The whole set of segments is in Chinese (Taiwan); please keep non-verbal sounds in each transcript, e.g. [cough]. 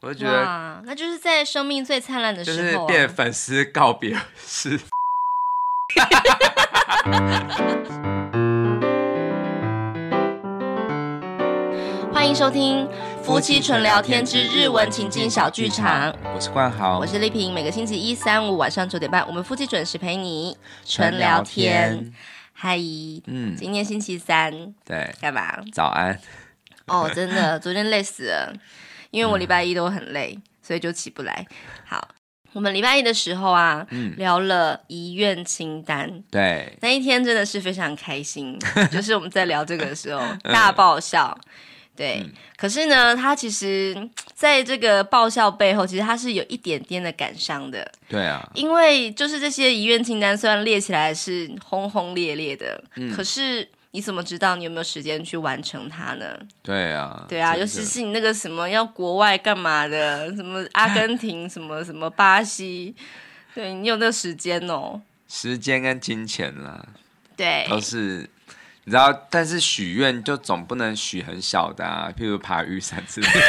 我覺得、啊、那就是在生命最燦爛的時候、啊，就是變粉絲告別式。 [laughs] 歡迎收聽《夫妻純聊天之日文情境小劇場》純聊天。我是冠豪，我是麗萍。每個星期一、三、五晚上九點半，我們夫妻準時陪你純聊天。嗨，Hi, 嗯，今天星期三，對，幹嘛？早安。哦，真的，昨天累死了。 [laughs] 因為我禮拜一都很累，嗯、所以就起不來。好，我們禮拜一的時候啊，嗯、聊了遺願清單。對，那一天真的是非常開心， [laughs] 就是我們在聊這個的時候大爆笑。嗯、對，可是呢，他其實在這個爆笑背後，其實他是有一點點的感傷的。對啊，因為就是這些遺願清單雖然列起來是轟轟烈烈的，嗯、可是。你怎麼知道你有沒有時間去完成它呢？對啊，對啊，的尤其是你那個什麼要國外幹嘛的，什麼阿根廷， [laughs] 什麼什麼巴西，對，你有那個時間哦？時間跟金錢啦，對，都是你知道，但是許願就總不能許很小的啊，譬如爬玉山之類。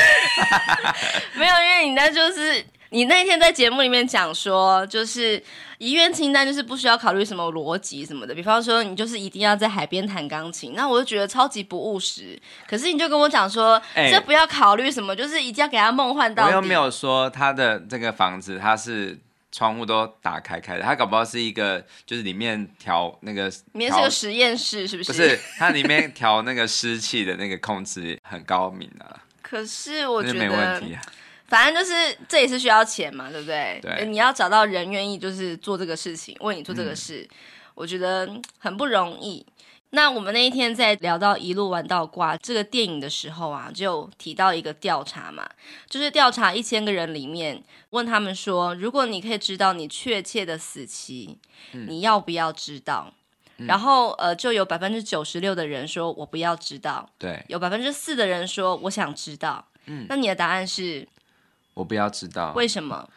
沒有，因為你那就是。你那天在節目裡面講說，就是遺願清單就是不需要考慮什麼邏輯什麼的，比方說你就是一定要在海邊彈鋼琴，那我就覺得超級不務實。可是你就跟我講說，這、欸、不要考慮什麼，就是一定要給他夢幻到。沒有沒有說他的這個房子他是窗戶都打開開的，他搞不好是一個就是裡面調那個裡面是個實驗室，是不是？不是，他裡面調那個濕氣的那個控制很高明啊。 [laughs] 可是我覺得沒問題、啊。反正就是這也是需要錢嘛，對不對？對，你要找到人願意就是做這個事情，為你做這個事，嗯、我覺得很不容易。那我們那一天在聊到《一路玩到掛》這個電影的時候啊，就提到一個調查嘛，就是調查一千個人裡面問他們說，如果你可以知道你確切的死期，嗯、你要不要知道？嗯、然後呃，就有百分之九十六的人說我不要知道，對，有百分之四的人說我想知道。嗯，那你的答案是？我不要知道。為什麼？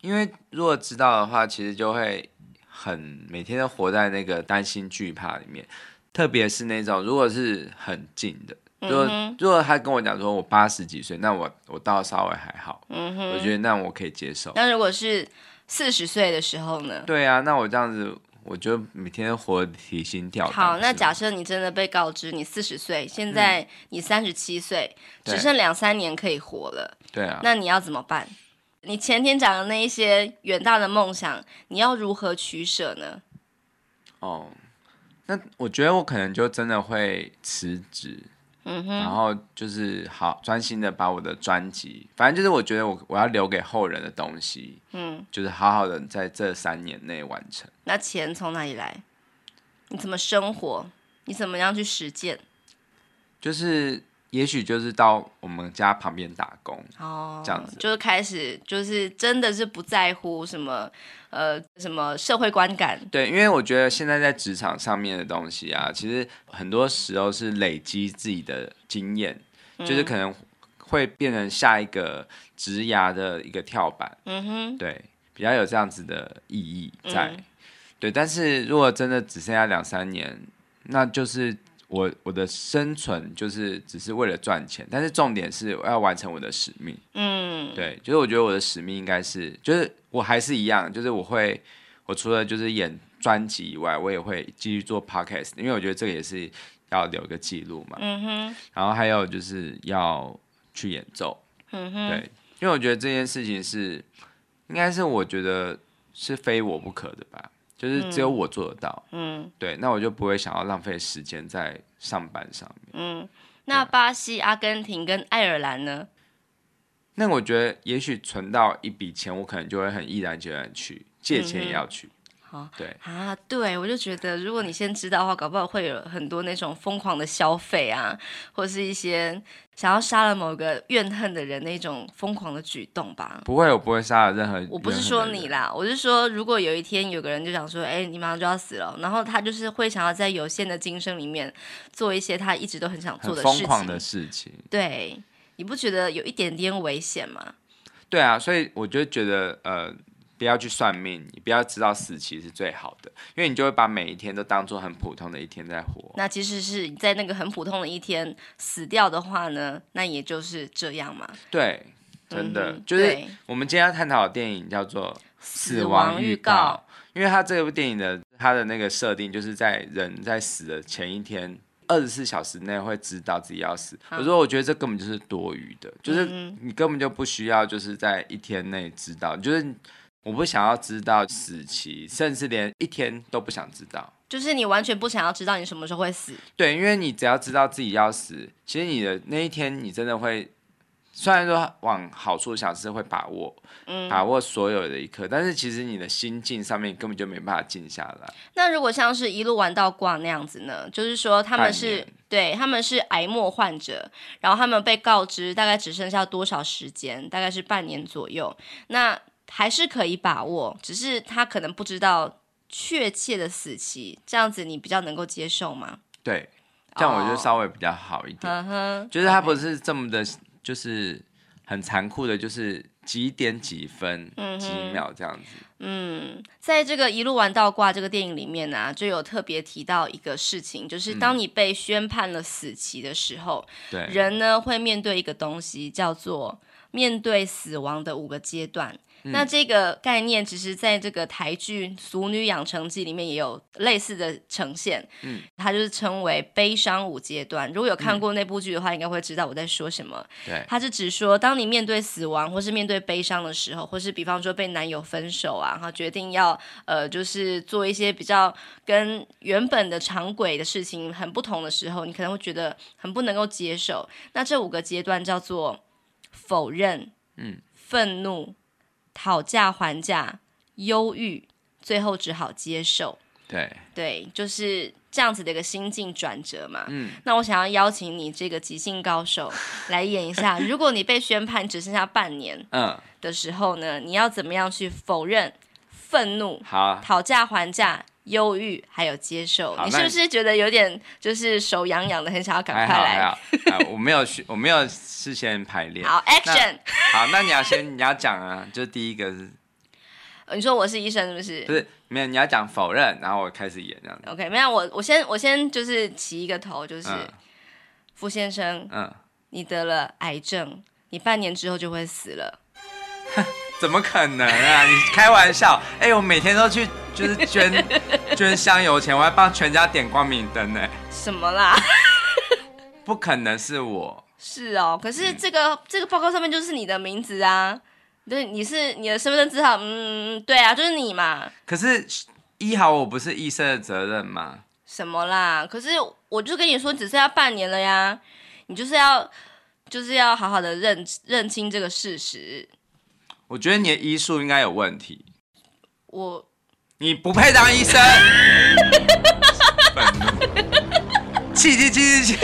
因為如果知道的話，其實就會很每天都活在那個擔心、懼怕裡面。特別是那種如果是很近的，如果、嗯、哼如果他跟我講說我八十幾歲，那我我倒稍微還好，嗯哼，我覺得那我可以接受。但如果是四十歲的時候呢？對啊，那我這樣子我就每天活得提心吊膽。好，嗎那假設你真的被告知你四十歲，現在你三十七歲，嗯、只剩兩三年可以活了。對啊，那你要怎麼辦？你前天講的那一些遠大的夢想，你要如何取捨呢？哦，那我覺得我可能就真的會辭職，嗯哼，然後就是好專心的把我的專輯，反正就是我覺得我我要留給後人的東西，嗯，就是好好的在這三年內完成。那錢從哪裡來？你怎麼生活？你怎麼樣去實踐？就是。也許就是到我們家旁邊打工，哦、這樣子，就是開始，就是真的是不在乎什麼，呃，什麼社會觀感。對，因為我覺得現在在職場上面的東西啊，其實很多時候是累積自己的經驗，嗯、就是可能會變成下一個職涯的一個跳板。嗯哼，對，比較有這樣子的意義在。嗯、對，但是如果真的只剩下兩三年，那就是。我我的生存就是只是為了賺錢，但是重點是我要完成我的使命。嗯，對，就是我覺得我的使命應該是，就是我還是一樣，就是我會，我除了就是演專輯以外，我也會繼續做 podcast，因為我覺得這個也是要留個記錄嘛。嗯哼。然後還有就是要去演奏。嗯哼。對，因為我覺得這件事情是，應該是我覺得是非我不可的吧。就是只有我做得到，嗯，對，那我就不會想要浪費時間在上班上面。嗯，對那巴西、阿根廷跟愛爾蘭呢？那我覺得，也許存到一筆錢，我可能就會很毅然決然去，借錢也要去。嗯哼。Oh, 對啊，對啊，對，我就覺得，如果你先知道的話，搞不好會有很多那種瘋狂的消費啊，或者是一些想要殺了某個怨恨的人那種瘋狂的舉動吧。不會，我不會殺了任何人。我不是說你啦，我是說，如果有一天有個人就想說，哎，你馬上就要死了，然後他就是會想要在有限的精神裡面做一些他一直都很想做的事情，瘋狂的事情。對，你不覺得有一點點危險嗎？對啊，所以我就覺得，呃。不要去算命，你不要知道死期，是最好的，因為你就會把每一天都當做很普通的一天在活。那其實是在那個很普通的一天死掉的話呢，那也就是這樣嘛。對，真的、嗯、就是我們今天要探討的電影叫做《死亡預告》，死亡預告。因為他這部電影的他的那個設定就是在人在死的前一天二十四小時內會知道自己要死。好。我說，我覺得這根本就是多餘的，就是你根本就不需要就是在一天內知道，就是。我不想要知道死期，甚至連一天都不想知道。就是你完全不想要知道你什麼時候會死？對，因為你只要知道自己要死，其實你的那一天，你真的會，雖然說往好處想是會把握，嗯，把握所有的一刻，但是其實你的心境上面根本就沒辦法靜下來。那如果像是一路玩到掛那樣子呢？就是說他們是，對他們是癌末患者，然後他們被告知大概只剩下多少時間，大概是半年左右。那還是可以把握，只是他可能不知道確切的死期，這樣子你比較能夠接受嗎？對，這樣我覺得稍微比較好一點，oh. uh huh. 就是他不是這麼的，就是很殘酷的，就是幾點幾分幾秒這樣子嗯。嗯，在這個一路玩到掛這個電影裡面呢、啊，就有特別提到一個事情，就是當你被宣判了死期的時候，嗯、對人呢會面對一個東西，叫做面對死亡的五個階段。那這個概念其實在這個台劇《俗女養成記》裡面也有類似的呈現。嗯，它就是稱為悲傷五階段。如果有看過那部劇的話，應該會知道我在說什麼。對、嗯，它是指說，當你面對死亡或是面對悲傷的時候，或是比方說被男友分手啊，哈，決定要呃，就是做一些比較跟原本的常軌的事情很不同的時候，你可能會覺得很不能夠接受。那這五個階段叫做否認、嗯、憤怒。討價還價，憂鬱，最後只好接受。對，對，就是這樣子的一個心境轉折嘛。嗯，那我想要邀請你這個即興高手來演一下， [laughs] 如果你被宣判只剩下半年的時候呢，嗯、你要怎麼樣去否認？憤怒。好啊，討價還價。憂鬱，還有接受，你是不是覺得有點就是手癢癢的，很想要趕快來？還好，還好，還好 [laughs] 我沒有去，我沒有事先排練。好，Action！好，那你要先 [laughs] 你要講啊，就第一個是，你說我是醫生是不是？不是，沒有，你要講否認，然後我開始演這樣。OK，沒有，我我先我先就是起一個頭，就是、嗯、傅先生，嗯，你得了癌症，你半年之後就會死了。怎麼可能啊！你開玩笑？哎、 [laughs] 欸，我每天都去，就是捐 [laughs] 捐香油錢，我還幫全家點光明燈呢！什麼啦？ [laughs] 不可能是我。是哦，可是這個、嗯、這個報告上面就是你的名字啊。對，你是你的身份證字號，嗯，對啊，就是你嘛。可是醫好我不是醫生的責任嗎？什麼啦？可是我就跟你說，只剩下半年了呀。你就是要就是要好好的認認清這個事實。我覺得你的醫術應該有問題。我，你不配當醫生。氣氣氣氣氣！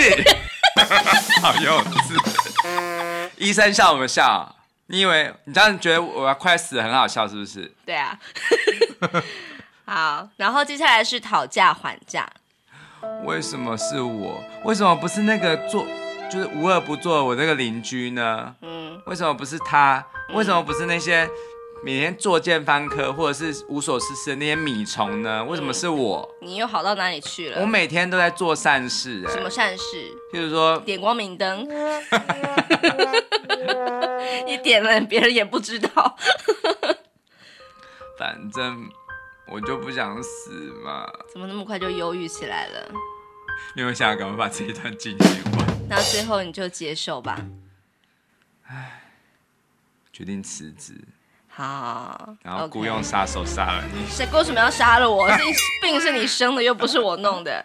好幼稚。 [laughs] [laughs] 醫生笑什麼笑，你以為你這樣覺得我要快死很好笑是不是？對啊。 [laughs] [laughs] 好，然後接下來是討價還價。為什麼是我？為什麼不是那個做？就是無惡不作的，我那個鄰居呢？嗯，為什麼不是他？為什麼不是那些每天作姦犯科或者是無所事事的那些米蟲呢？為什麼是我，嗯？你又好到哪裡去了？我每天都在做善事欸。什麼善事？譬如說點光明燈。你 [laughs] [laughs] 點了，別人也不知道。 [laughs] 反正我就不想死嘛。怎麼那麼快就憂鬱起來了？你有沒有想要趕快把這一段進行？ [laughs] 那最後你就接受吧，哎，決定辭職。啊！好然後僱傭殺手殺了你 Okay、嗯。是，為什麼要殺了我？ [laughs] 是病是你生的，又不是我弄的。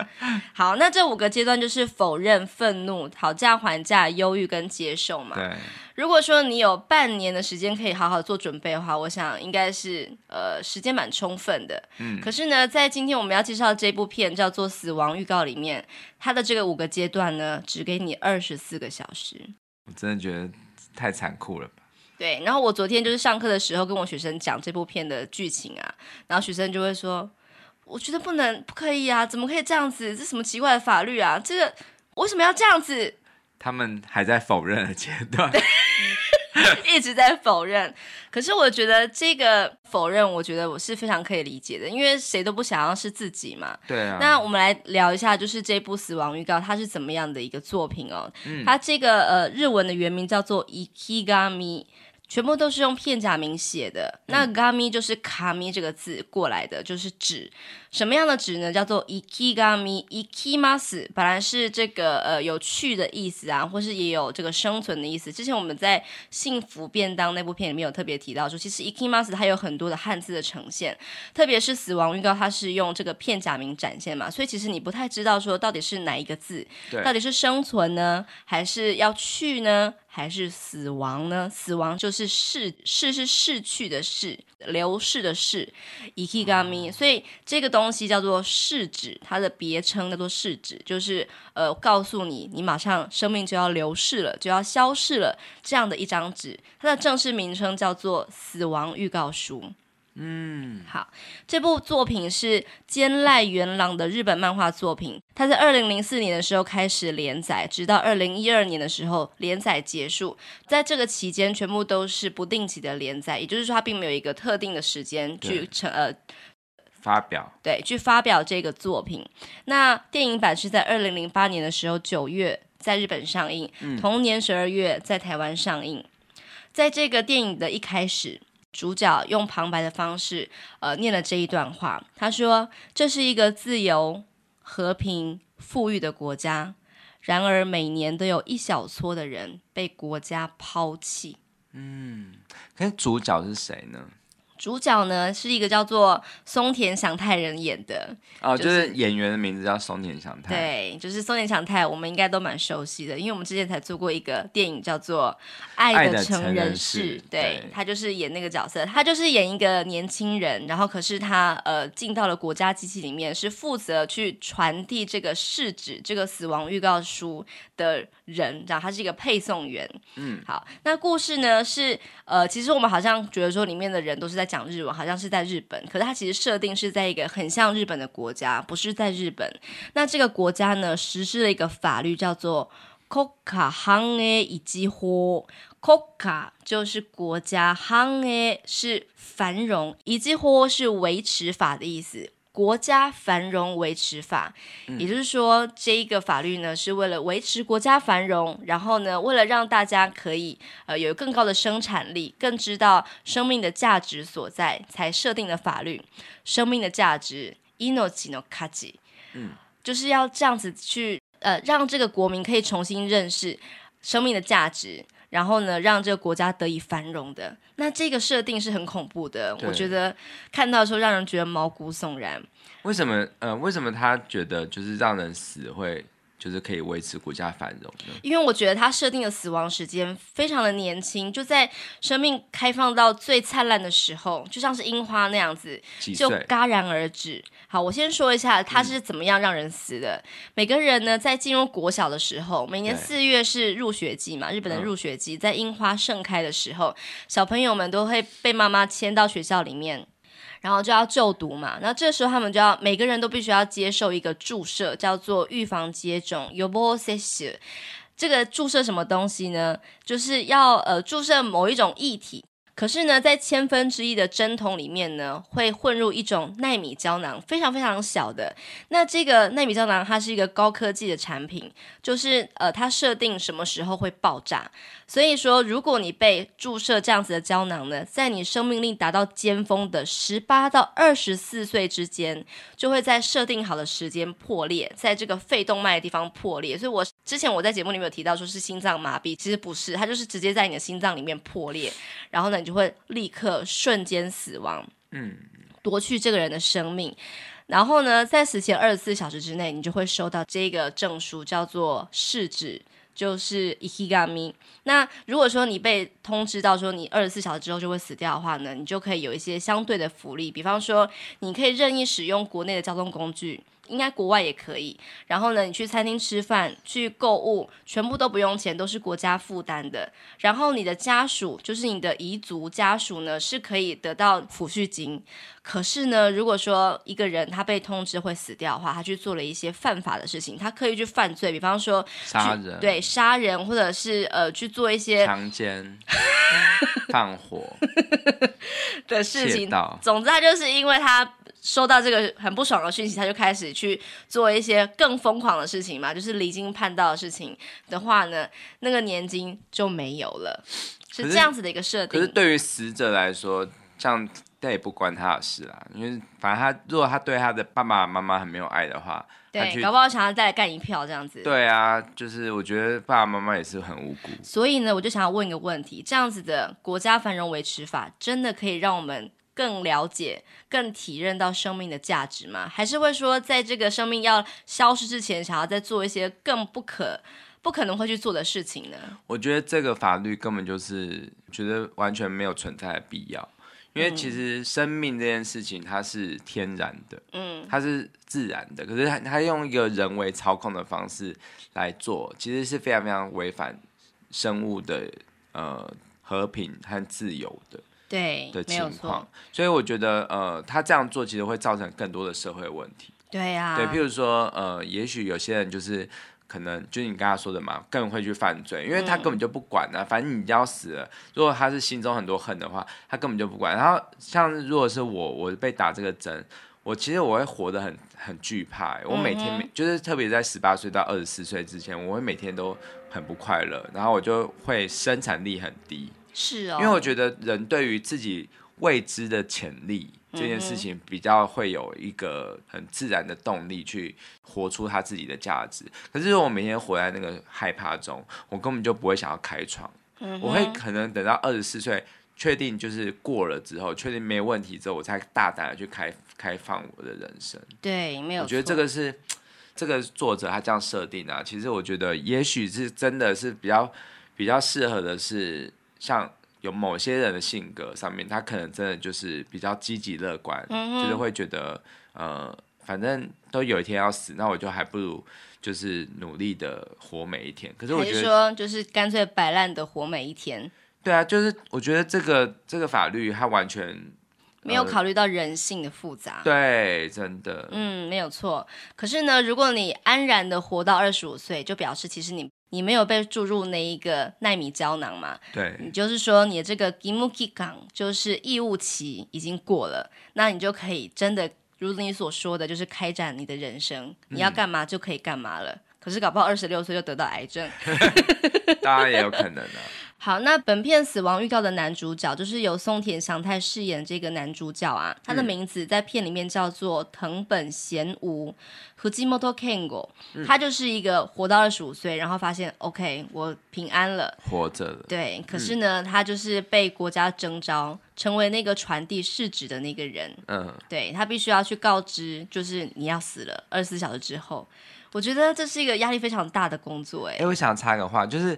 好，那這五個階段就是否認、憤怒、討價還價、憂鬱跟接受嘛。對。如果說你有半年的時間可以好好做準備的話，我想應該是呃時間蠻充分的。嗯。可是呢，在今天我們要介紹的這部片叫做《死亡預告》裡面，它的這個五個階段呢，只給你二十四個小時。我真的覺得太殘酷了。對，然後我昨天就是上課的時候跟我學生講這部片的劇情啊，然後學生就會說：“我覺得不能，不可以啊，怎麼可以這樣子？這什麼奇怪的法律啊？這個為什麼要這樣子？”他們還在否認的階段對。 [laughs] [laughs] [laughs] 一直在否認，可是我覺得這個否認，我覺得我是非常可以理解的，因為誰都不想要是自己嘛。對啊。那我們來聊一下，就是這部《死亡預告》它是怎麼樣的一個作品哦？嗯，它這個呃日文的原名叫做《Ikigami》全部都是用片假名寫的。那 GAMI 就是 KAMI，這個字過來的，嗯、就是紙。什麼樣的紙呢？叫做 IKIGAMI。IKIMASU 本來是這個呃有去的意思啊，或是也有這個生存的意思。之前我們在《幸福便當》那部片裡面有特別提到說，其實 IKIMASU 它有很多的漢字的呈現，特別是死亡預告，它是用這個片假名展現嘛，所以其實你不太知道說到底是哪一個字，對到底是生存呢，還是要去呢？還是死亡呢？死亡就是逝，逝是逝去的逝，流逝的逝，イキガミ。所以這個東西叫做逝紙，它的別稱叫做逝紙，就是呃，告訴你你馬上生命就要流逝了，就要消逝了，這樣的一張紙，它的正式名稱叫做死亡預告書。嗯，好，這部作品是間瀨元朗的日本漫畫作品，他在二零零四年的時候開始連載，直到二零一二年的時候連載結束，在這個期間全部都是不定期的連載，也就是說他並沒有一個特定的時間去成呃發表，對，去發表這個作品。那電影版是在二零零八年的時候九月在日本上映，嗯、同年十二月在台灣上映，在這個電影的一開始。主角用旁白的方式，呃，念了這一段話。他說：“這是一個自由、和平、富裕的國家，然而每年都有一小撮的人被國家拋棄。”嗯，可是主角是誰呢？主角呢是一個叫做松田翔太人演的哦，就是、就是演員的名字叫松田翔太。對，就是松田翔太，我們應該都蠻熟悉的，因為我們之前才做過一個電影叫做《愛的成人式》，對，對他就是演那個角色，他就是演一個年輕人，然後可是他呃進到了國家機器裡面，是負責去傳遞這個逝紙、這個死亡預告書的人，然後他是一個配送員。嗯，好，那故事呢是呃，其實我們好像覺得說裡面的人都是在。講日文好像是在日本，可是它其實設定是在一個很像日本的國家，不是在日本。那這個國家呢，實施了一個法律叫做“こっかはんえいいじほう”。こっか就是國家，はんえい是繁榮，いじほう是維持法的意思。國家繁榮維持法，嗯、也就是說，這一個法律呢，是為了維持國家繁榮，然後呢，為了讓大家可以呃有更高的生產力，更知道生命的價值所在，才設定的法律。生命的價值，命の価値。嗯，就是要這樣子去呃讓這個國民可以重新認識生命的價值。然後呢，讓這個國家得以繁榮的那這個設定是很恐怖的，對我覺得看到的時候讓人覺得毛骨悚然。為什麼？呃，為什麼他覺得就是讓人死會？就是可以維持國家繁榮的，因為我覺得他設定的死亡時間非常的年輕，就在生命開放到最燦爛的時候，就像是櫻花那樣子，就戛然而止。歲好，我先說一下他是怎麼樣讓人死的。嗯、每個人呢，在進入國小的時候，每年四月是入學季嘛，對日本的入學季在櫻花盛開的時候，嗯、小朋友們都會被媽媽牽到學校裡面。然後就要就讀嘛，那這時候他們就要每個人都必須要接受一個注射，叫做預防接種。よぼうせっしゅ，這個注射什麼東西呢？就是要呃注射某一種液體。可是呢，在千分之一的針筒裡面呢，會混入一種奈米膠囊，非常非常小的。那這個奈米膠囊，它是一個高科技的產品，就是呃，它設定什麼時候會爆炸。所以說，如果你被注射這樣子的膠囊呢，在你生命力達到巔峰的十八到二十四歲之間，就會在設定好的時間破裂，在這個肺動脈的地方破裂。所以我。之前我在節目裡面有提到，說是心臟麻痹，其實不是，它就是直接在你的心臟裡面破裂，然後呢，你就會立刻瞬間死亡，嗯，奪去這個人的生命。然後呢，在死前二十四小時之內，你就會收到這個證書，叫做逝紙，就是伊希伽米。那如果說你被通知到說你二十四小時之後就會死掉的話呢，你就可以有一些相對的福利，比方說你可以任意使用國內的交通工具。應該國外也可以。然後呢，你去餐廳吃飯、去購物，全部都不用錢，都是國家負擔的。然後你的家屬，就是你的遺族家屬呢，是可以得到撫恤金。可是呢，如果說一個人他被通知會死掉的話，他去做了一些犯法的事情，他刻意去犯罪，比方說殺人，對殺人，或者是呃去做一些強姦、 [laughs] 放火的 [laughs] 對盜事情，總之他就是因為他。收到這個很不爽的訊息，他就開始去做一些更瘋狂的事情嘛，就是離經叛道的事情的話呢，那個年金就沒有了，是，是這樣子的一個設定。可是對於死者來說，這樣但也不關他的事啦，因為反正他如果他對他的爸爸媽媽很沒有愛的話，對，他去搞不好想要再幹一票這樣子。對啊，就是我覺得爸爸媽媽也是很無辜。所以呢，我就想要問一個問題：這樣子的國家繁榮維持法，真的可以讓我們更了解、更體認到生命的價值嗎？還是會說，在這個生命要消失之前，想要再做一些更不可、不可能會去做的事情呢？我覺得這個法律根本就是覺得完全沒有存在的必要，因為其實生命這件事情它是天然的，嗯，它是自然的，可是它它用一個人為操控的方式來做，其實是非常非常違反生物的呃，和平和自由的。對，的情況沒有錯。所以我覺得，呃，他這樣做其實會造成更多的社會問題。對呀、啊，對，譬如說，呃，也許有些人就是可能，就是你剛剛說的嘛，更會去犯罪，因為他根本就不管了、啊，嗯、反正你就要死了。如果他是心中很多恨的話，他根本就不管。然後，像如果是我，我被打這個針，我其實我會活得很很懼怕、欸，我每天每、嗯、哼就是特別在十八歲到二十四歲之前，我會每天都很不快樂，然後我就會生產力很低。是、哦、因為我覺得人對於自己未知的潛力、嗯、哼這件事情，比較會有一個很自然的動力去活出他自己的價值。可是如果我每天活在那個害怕中，我根本就不會想要開創。嗯、哼我會可能等到二十四歲確定就是過了之後，確定沒問題之後，我才大膽的去開開放我的人生。對，沒有錯。我覺得這個是這個作者他這樣設定啊，其實我覺得也許是真的是比較比較適合的是。像有某些人的性格上面，他可能真的就是比較積極樂觀，嗯、哼就是會覺得，呃，反正都有一天要死，那我就還不如就是努力的活每一天。可是我覺得，說就是乾脆擺爛的活每一天。對啊，就是我覺得這個這個法律它完全、呃、沒有考慮到人性的複雜。對，真的。嗯，沒有錯。可是呢，如果你安然的活到二十五歲，就表示其實你。你沒有被注入那一個納米膠囊嘛？對，你就是說你的這個 k i m u k g 就是異物期已經過了，那你就可以真的如你所說的，就是開展你的人生，你要幹嘛就可以幹嘛了。嗯、可是搞不好二十六歲就得到癌症，當然 [laughs] 也有可能啊。 [laughs] 好，那本片死亡預告的男主角就是由松田翔太飾演這個男主角啊，嗯、他的名字在片裡面叫做藤本賢吾，Fujimoto Kengo，他就是一個活到二十五歲，然後發現 OK，我平安了，活着了。對，可是呢，嗯、他就是被國家徵召，成為那個傳遞逝紙的那個人。嗯，對他必須要去告知，就是你要死了，二十四小時之後。我覺得這是一個壓力非常大的工作，哎。哎，我想插個話，就是。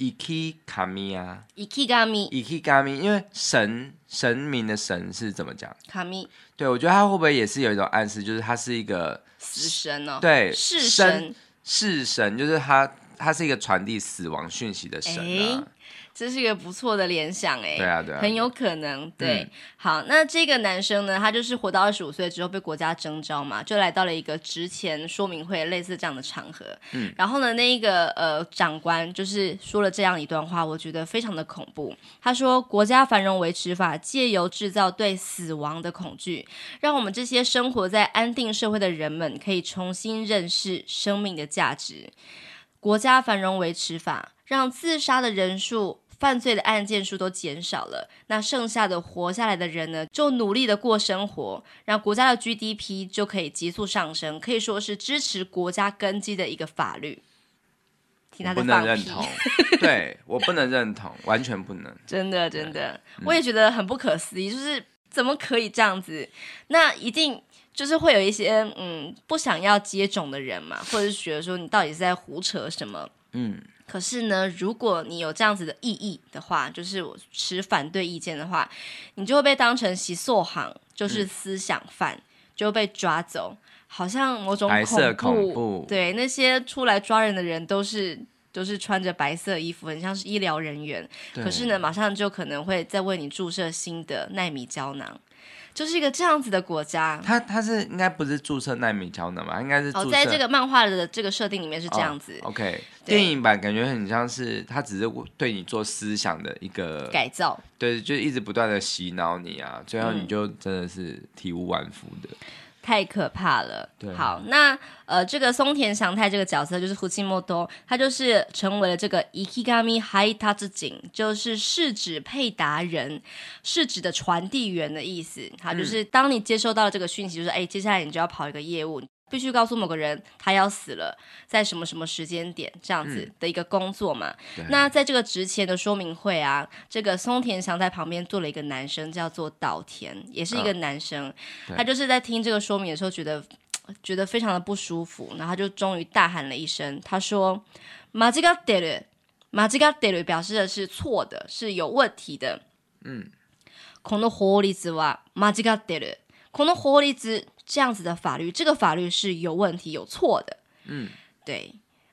伊基卡米啊，伊基卡米，伊基卡米，因為神神明的神是怎麼講？卡米み，對，我覺得他會不會也是有一種暗示，就是他是一個死神哦？對，是神，是神，神，就是他。他是一個傳遞死亡訊息的聲音。啊欸，這是一個不錯的聯想。欸，哎，對啊，對啊，很有可能，對。嗯、好，那這個男生呢，他就是活到二十五歲之後被國家徵召嘛，就來到了一個值錢說明會，類似這樣的場合。嗯，然後呢，那一個呃長官就是說了這樣一段話，我覺得非常的恐怖。他說：“國家繁榮維持法借由製造對死亡的恐懼，讓我們這些生活在安定社會的人們可以重新認識生命的價值。”國家繁榮維持法讓自殺的人數、犯罪的案件數都減少了。那剩下的活下來的人呢，就努力的過生活，讓國家的 GDP 就可以急速上升，可以說是支持國家根基的一個法律。聽他的放屁，對，我不能認同，認同 [laughs] 完全不能。真的，真的，真的對，我也覺得很不可思議，嗯、就是怎麼可以這樣子？那一定。就是會有一些嗯不想要接種的人嘛，或者是覺得說你到底是在胡扯什麼嗯。可是呢，如果你有這樣子的異議的話，就是持反對意見的話，你就會被當成思想犯，就是思想犯，嗯、就會被抓走。好像某種恐怖，白色恐怖。對，那些出來抓人的人都是都、就是穿着白色衣服，很像是醫療人員。對可是呢，馬上就可能會再為你注射新的奈米膠囊。就是一個這樣子的國家，他他是應該不是注射奈米膠的吧？應該是注射哦，在這個漫畫的這個設定裡面是這樣子。哦、OK，對電影版感覺很像是他只是對你做思想的一個改造，對，就一直不斷的洗腦你啊，最後你就真的是體無完膚的。嗯太可怕了。對好，那呃，這個松田翔太這個角色就是藤本，他就是成為了這個イキガミはいたつじん，就是逝紙配達人，逝紙的傳遞員的意思。他就是當你接收到這個訊息，就是、嗯、哎，接下來你就要跑一個業務。必須告訴某個人他要死了，在什麼什麼時間點這樣子的一個工作嘛。嗯、那在這個值錢的說明會啊，這個松田翔在旁邊坐了一個男生，叫做島田，也是一個男生。啊、他就是在聽這個說明的時候，覺得覺得非常的不舒服，然後他就終於大喊了一聲，他說：“間違ってる，間違ってる表示的是錯的，是有問題的。”嗯，この法律は間違ってる。この法律這樣子的法律，這個法律是有問題、有錯的。嗯，對，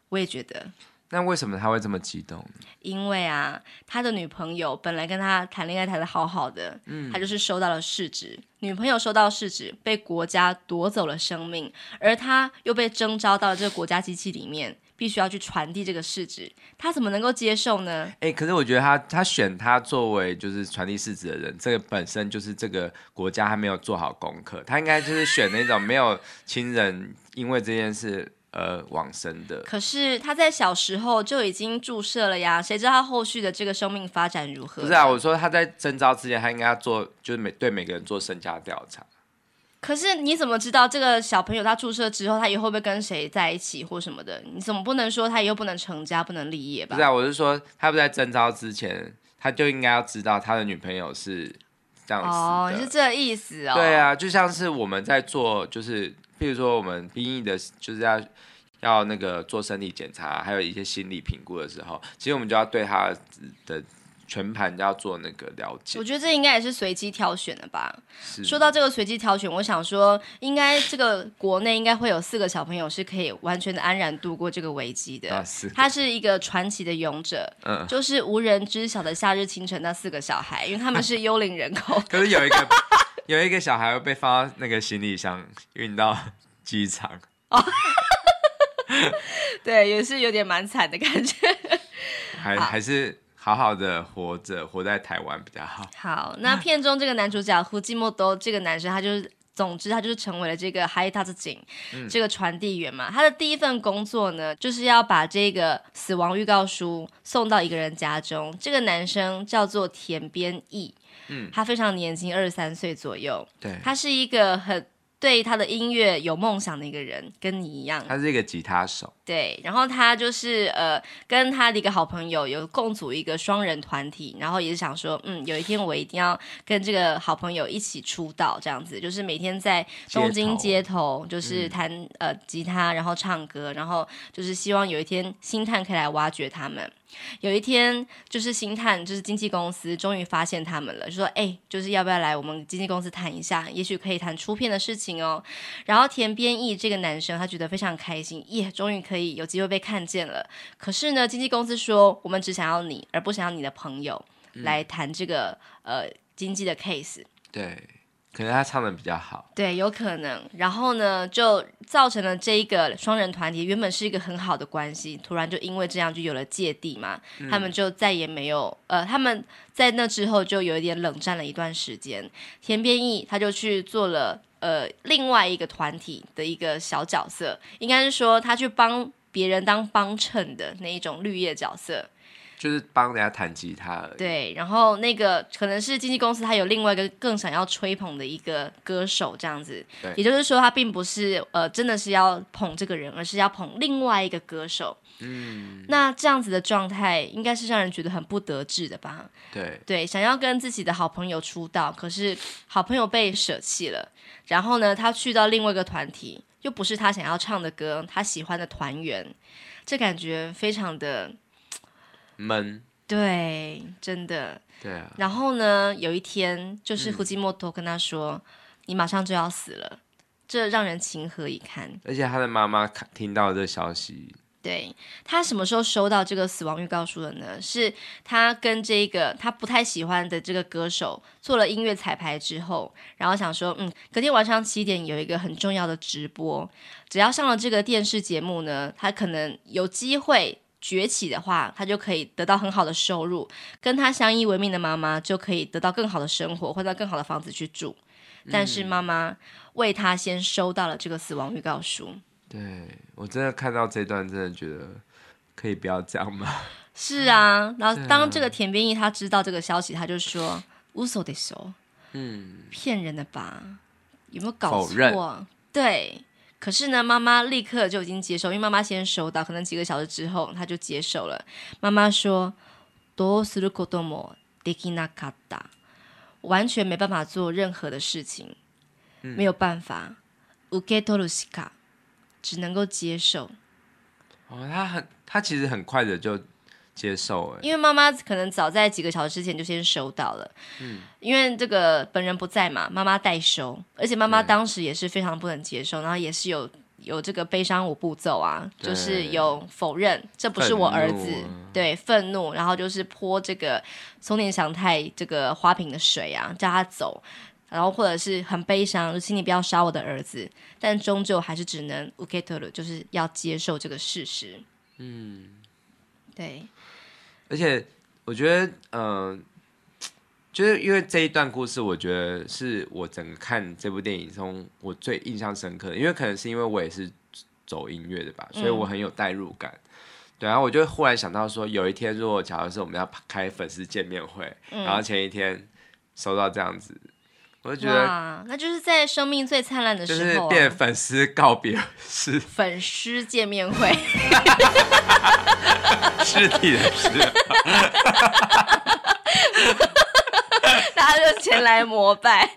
我也覺得。那為什麼他會這麼激動呢？因為啊，他的女朋友本來跟他談戀愛談得好好的，嗯，他就是收到了逝紙，女朋友收到逝紙，被國家奪走了生命，而他又被徵召到了這個國家機器裡面。必須要去傳遞這個逝紙，他怎麼能夠接受呢？哎、欸，可是我覺得他他選他作為就是傳遞逝紙的人，這個本身就是這個國家還沒有做好功課，他應該就是選那種沒有親人因為這件事而往生的。可是他在小時候就已經注射了呀，誰知道他後續的這個生命發展如何？不是啊，我說他在徵召之前，他應該要做就是每對每個人做身家調查。可是你怎麼知道這個小朋友他注射之後他以後會，會跟誰在一起或什麼的？你總不能說他以後不能成家，不能立業吧？不是啊，我是說他不在徵召之前，他就應該要知道他的女朋友是這樣子。哦，你是這意思哦？對啊，就像是我們在做，就是譬如說我們兵役的，就是要要那個做身體檢查，還有一些心理評估的時候，其實我們就要對他的。全盤要做那個了解，我覺得這應該也是隨機挑選的吧。是說到這個隨機挑選，我想說，應該這個國內應該會有四個小朋友是可以完全的安然度過這個危機的。啊、是的，他是一個傳奇的勇者，嗯，就是無人知曉的夏日清晨那四個小孩，因為他們是幽靈人口。可是有一個 [laughs] 有一個小孩會被放到那個行李箱運到機場。哦、 [laughs] [laughs] 對，也是有點蠻慘的感覺。還還是。啊好好的活着，活在台灣比較好。好，那片中這個男主角藤本，這個男生他就是，總之他就是成為了這個配達人、嗯、這個傳遞員嘛。他的第一份工作呢，就是要把這個死亡預告書送到一個人家中。這個男生叫做田邊翼，嗯，他非常年輕，二十三歲左右。對、嗯，他是一個很。對他的音樂有夢想的一個人，跟你一樣。他是一個吉他手。對，然後他就是呃，跟他的一個好朋友有共組一個雙人團體，然後也是想說，嗯，有一天我一定要跟這個好朋友一起出道，這樣子，就是每天在東京街頭，就是彈街頭。呃吉他，然後唱歌，然後就是希望有一天星探可以來挖掘他們。有一天，就是星探，就是經紀公司，終於發現他們了，就說：“哎、欸，就是要不要來我們經紀公司談一下，也許可以談出片的事情哦。”然後田邊翼這個男生，他覺得非常開心，耶，終於可以有機會被看見了。可是呢，經紀公司說：“我們只想要你，而不想要你的朋友、嗯、來談這個呃經紀的 case。”對。可能他唱的比較好，對，有可能。然後呢，就造成了這一個雙人團體原本是一個很好的關係，突然就因為這樣就有了芥蒂嘛。嗯、他們就再也沒有，呃，他們在那之後就有一點冷戰了一段時間。田邊翼他就去做了呃另外一個團體的一個小角色，應該是說他去幫別人當幫襯的那一種綠葉角色。就是幫人家彈吉他而已。對，然後那個可能是經紀公司，他有另外一個更想要吹捧的一個歌手這樣子。對，也就是說他並不是呃真的是要捧這個人，而是要捧另外一個歌手。嗯，那這樣子的狀態應該是讓人覺得很不得志的吧？對，對，想要跟自己的好朋友出道，可是好朋友被捨棄了，然後呢，他去到另外一個團體，又不是他想要唱的歌，他喜歡的團員，這感覺非常的。悶，門對，真的，對啊。然後呢，有一天，就是藤本跟他說：“嗯、你馬上就要死了。”這讓人情何以堪。而且他的媽媽聽到這個消息，對他什麼時候收到這個死亡預告書的呢？是他跟這個他不太喜歡的這個歌手做了音樂彩排之後，然後想說：“嗯，隔天晚上七點有一個很重要的直播，只要上了這個電視節目呢，他可能有機會。”崛起的話，他就可以得到很好的收入，跟他相依為命的媽媽就可以得到更好的生活，或者更好的房子去住。但是媽媽為他先收到了這個死亡預告書。嗯、對我真的看到這段，真的覺得可以不要這樣嗎？是啊，然後當這個田邊翼他知道這個消息，他就說嘘でしょ，嗯，騙、嗯、人的吧？有沒有搞錯？否認。對。可是呢，媽媽立刻就已經接受，因為媽媽先收到，可能幾個小時之後，她就接受了。媽媽說：“どうすることもできなかった。完全沒辦法做任何的事情，嗯、沒有辦法。受け取るしか、只能夠接受。”哦，他很，他其實很快的就。接受、欸，因為媽媽可能早在幾個小時之前就先收到了，嗯，因為這個本人不在嘛，媽媽代收，而且媽媽當時也是非常不能接受，對然後也是有有這個悲傷五步驟啊，對就是有否認，這不是我兒子，啊、對，憤怒，然後就是潑這個松田翔太這個花瓶的水啊，叫他走，然後或者是很悲傷，就請你不要殺我的兒子，但終究還是只能受け取る，就是要接受這個事實，嗯，對。而且我覺得，嗯、呃，就是因為這一段故事，我覺得是我整個看這部電影中我最印象深刻的。因為可能是因為我也是走音樂的吧，所以我很有代入感。嗯、對啊，我就忽然想到說，有一天如果假如是我們要開粉絲見面會，嗯、然後前一天收到這樣子。我覺得，那就是在生命最燦爛的時候，啊，就是變粉絲告別式，是粉絲見面會，屍 [laughs] [laughs] [laughs] 體的，屍。 [laughs] 大家就前來膜拜。 [laughs]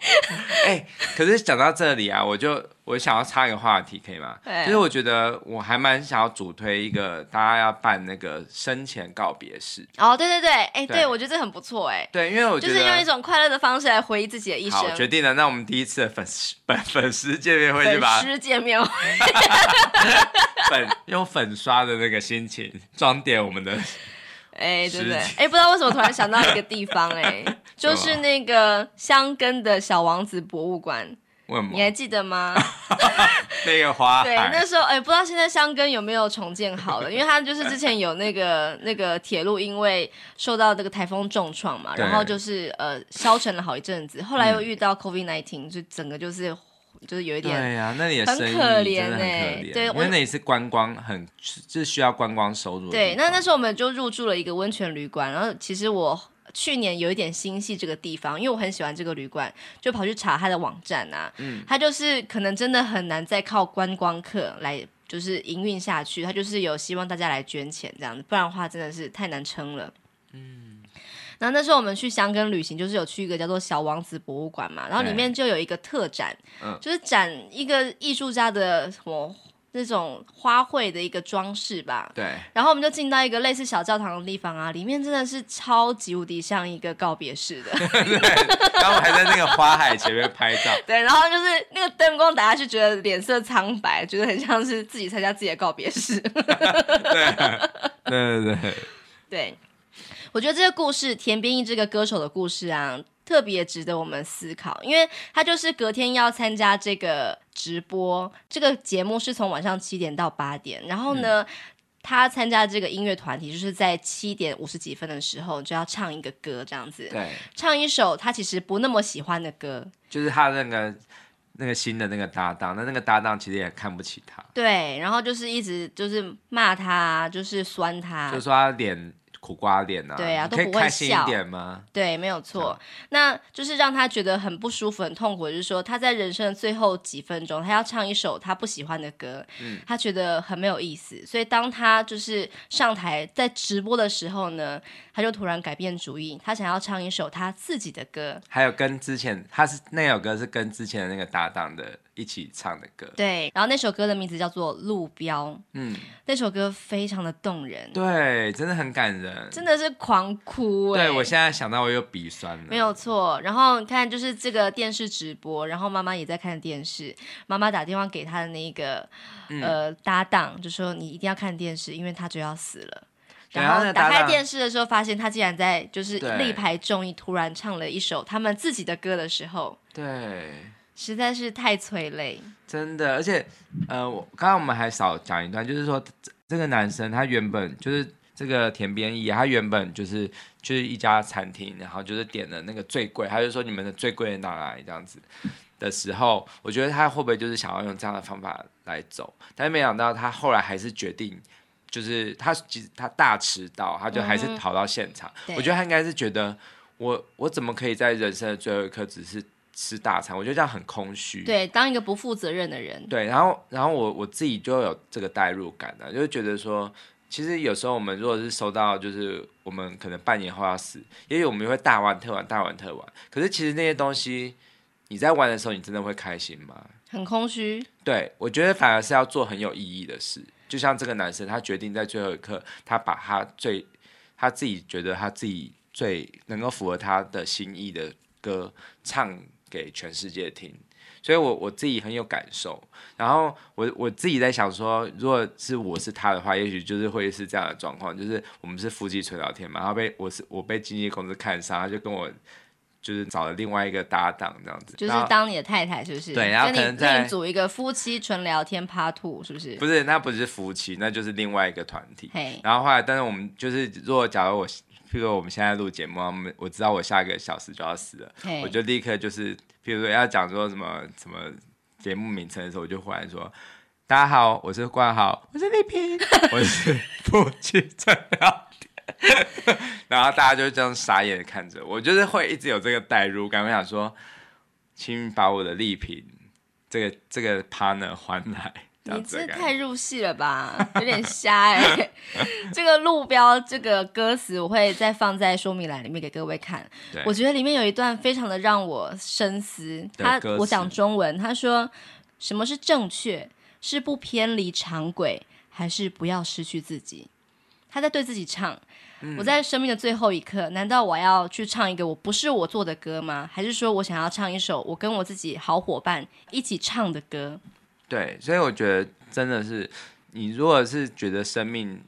哎、欸，可是講到這裡啊，我就我想要插一個話題，可以嗎？對就是我覺得我還蠻想要主推一個，大家要辦那個生前告別式的。哦，oh, 對對對，哎、欸，對,對我覺得這很不錯、欸，哎。對，因為我覺得就是用一種快樂的方式來回憶自己的一生。好決定了，那我們第一次的粉絲粉粉絲見面會是吧？粉絲見面會 [laughs] 粉。粉用粉刷的那個心情，裝點我們的。哎，對不對？哎，不知道為什麼突然想到一個地方，哎， [laughs] 就是那個箱根的小王子博物館，問嗎你還記得嗎？ [laughs] 那個花海，對，那時候，哎，不知道現在箱根有沒有重建好了？因為它就是之前有那個 [laughs] 那個鐵路，因為受到這個台風重創嘛，然後就是呃消沉了好一陣子，後來又遇到 COVID-19，就整個就是。就是有一點，對呀，啊，那也是很可憐，欸，真的。對，因為那也是觀光很，很就是需要觀光收入的。對，那那時候我們就入住了一個溫泉旅館，然後其實我去年有一點心細，這個地方，因為我很喜歡這個旅館，就跑去查它的網站啊。嗯，它就是可能真的很難再靠觀光客來就是營運下去，它就是有希望大家來捐錢這樣子，不然的話真的是太難撐了。嗯。然後那時候我們去箱根旅行，就是有去一個叫做小王子博物館嘛，然後裡面就有一個特展，嗯、就是展一個藝術家的什麼那種花卉的一個裝飾吧。對。然後我們就進到一個類似小教堂的地方啊，裡面真的是超級無敵像一個告別式的。 [laughs] 對。然後還在那個花海前面拍照。 [laughs] 對。然後就是那個燈光打下去，覺得臉色蒼白，覺得很像是自己參加自己的告別式。對 [laughs] 對 [laughs] 對對對。對我覺得這個故事，田邊翼這個歌手的故事啊，特別值得我們思考，因為他就是隔天要參加這個直播，這個節目是從晚上七點到八點，然後呢，嗯、他參加這個音樂團體，就是在七點五十幾分的時候就要唱一個歌，這樣子，對唱一首他其實不那麼喜歡的歌，就是他那個那個新的那個搭檔，那那個搭檔其實也看不起他，對，然後就是一直就是罵他，就是酸他，就說他臉。苦瓜臉啊，對啊，可以都不會笑開心一點嗎？對，沒有錯。對那就是讓他覺得很不舒服、很痛苦。就是說，他在人生的最後幾分鐘，他要唱一首他不喜歡的歌，嗯，他覺得很沒有意思。所以，當他就是上台在直播的時候呢。他就突然改變主意，他想要唱一首他自己的歌。還有跟之前，他是那首歌是跟之前的那個搭檔的一起唱的歌。對，然後那首歌的名字叫做《路標》。嗯，那首歌非常的動人，對，真的很感人，真的是狂哭、欸。對，我現在想到我又鼻酸了，沒有錯。然後你看，就是這個電視直播，然後媽媽也在看電視。媽媽打電話給他的那個呃、嗯、搭檔，就說你一定要看電視，因為他就要死了。然後打開電視的時候，發現他竟然在就是力排眾議，突然唱了一首他們自己的歌的時候，對，實在是太催淚，的的太催淚，真的。而且，呃，我剛剛我們還少講一段，就是說這個男生他原本就是這個田邊翼，他原本就是就是一家餐廳，然後就是點了那個最貴，他就說你們的最貴的拿來這樣子的時候，我覺得他會不會就是想要用這樣的方法來走？但是沒想到他後來還是決定。就是他，其實他大遲到，他就還是跑到現場。嗯、我覺得他應該是覺得我，我我怎麼可以在人生的最後一刻只是吃大餐？我覺得這樣很空虛。對，當一個不負責任的人。對，然後然後我我自己就有這個代入感的、啊，就是、覺得說，其實有時候我們如果是收到，就是我們可能半年後要死，也許我們會大玩特玩，大玩特玩。可是其實那些東西，你在玩的時候，你真的會開心嗎？很空虛。對，我覺得反而是要做很有意義的事。就像這個男生，他決定在最後一刻，他把他最他自己覺得他自己最能夠符合他的心意的歌唱給全世界聽。所以我，我我自己很有感受。然後我，我我自己在想說，如果是我是他的話，也許就是會是這樣的狀況，就是我們是夫妻純聊天嘛，然後被我是我被經紀公司看上，他就跟我。就是找了另外一個搭檔這樣子，就是當你的太太是不是？對，然後可能組一個夫妻純聊天趴兔是不是？不是，那不是夫妻，對那就是另外一個團體。Hey. 然後後來，但是我們就是，如果假如我，譬如說我們現在錄節目，我們我知道我下一個小時就要死了，Hey. 我就立刻就是，譬如說要講說什麼什麼節目名稱的時候，我就忽然說：“大家好，我是冠豪，我是麗萍， [laughs] 我是夫妻純聊。” [laughs] 然後大家就這樣傻眼的看着我，就是會一直有這個代入感。我想說，請把我的禮品，這個這個 partner 還來。這你這太入戲了吧，有點瞎哎、欸。 [laughs] [laughs] 這個路標，這個歌詞我會再放在說明欄裡面給各位看。對我覺得裡面有一段非常的讓我深思。他我講中文，他說：“什麼是正確？是不偏離常軌，還是不要失去自己？”他在對自己唱。我在生命的最後一刻，嗯、難道我要去唱一個我不是我做的歌嗎？還是說我想要唱一首我跟我自己好夥伴一起唱的歌？對，所以我覺得真的是，你如果是覺得生命，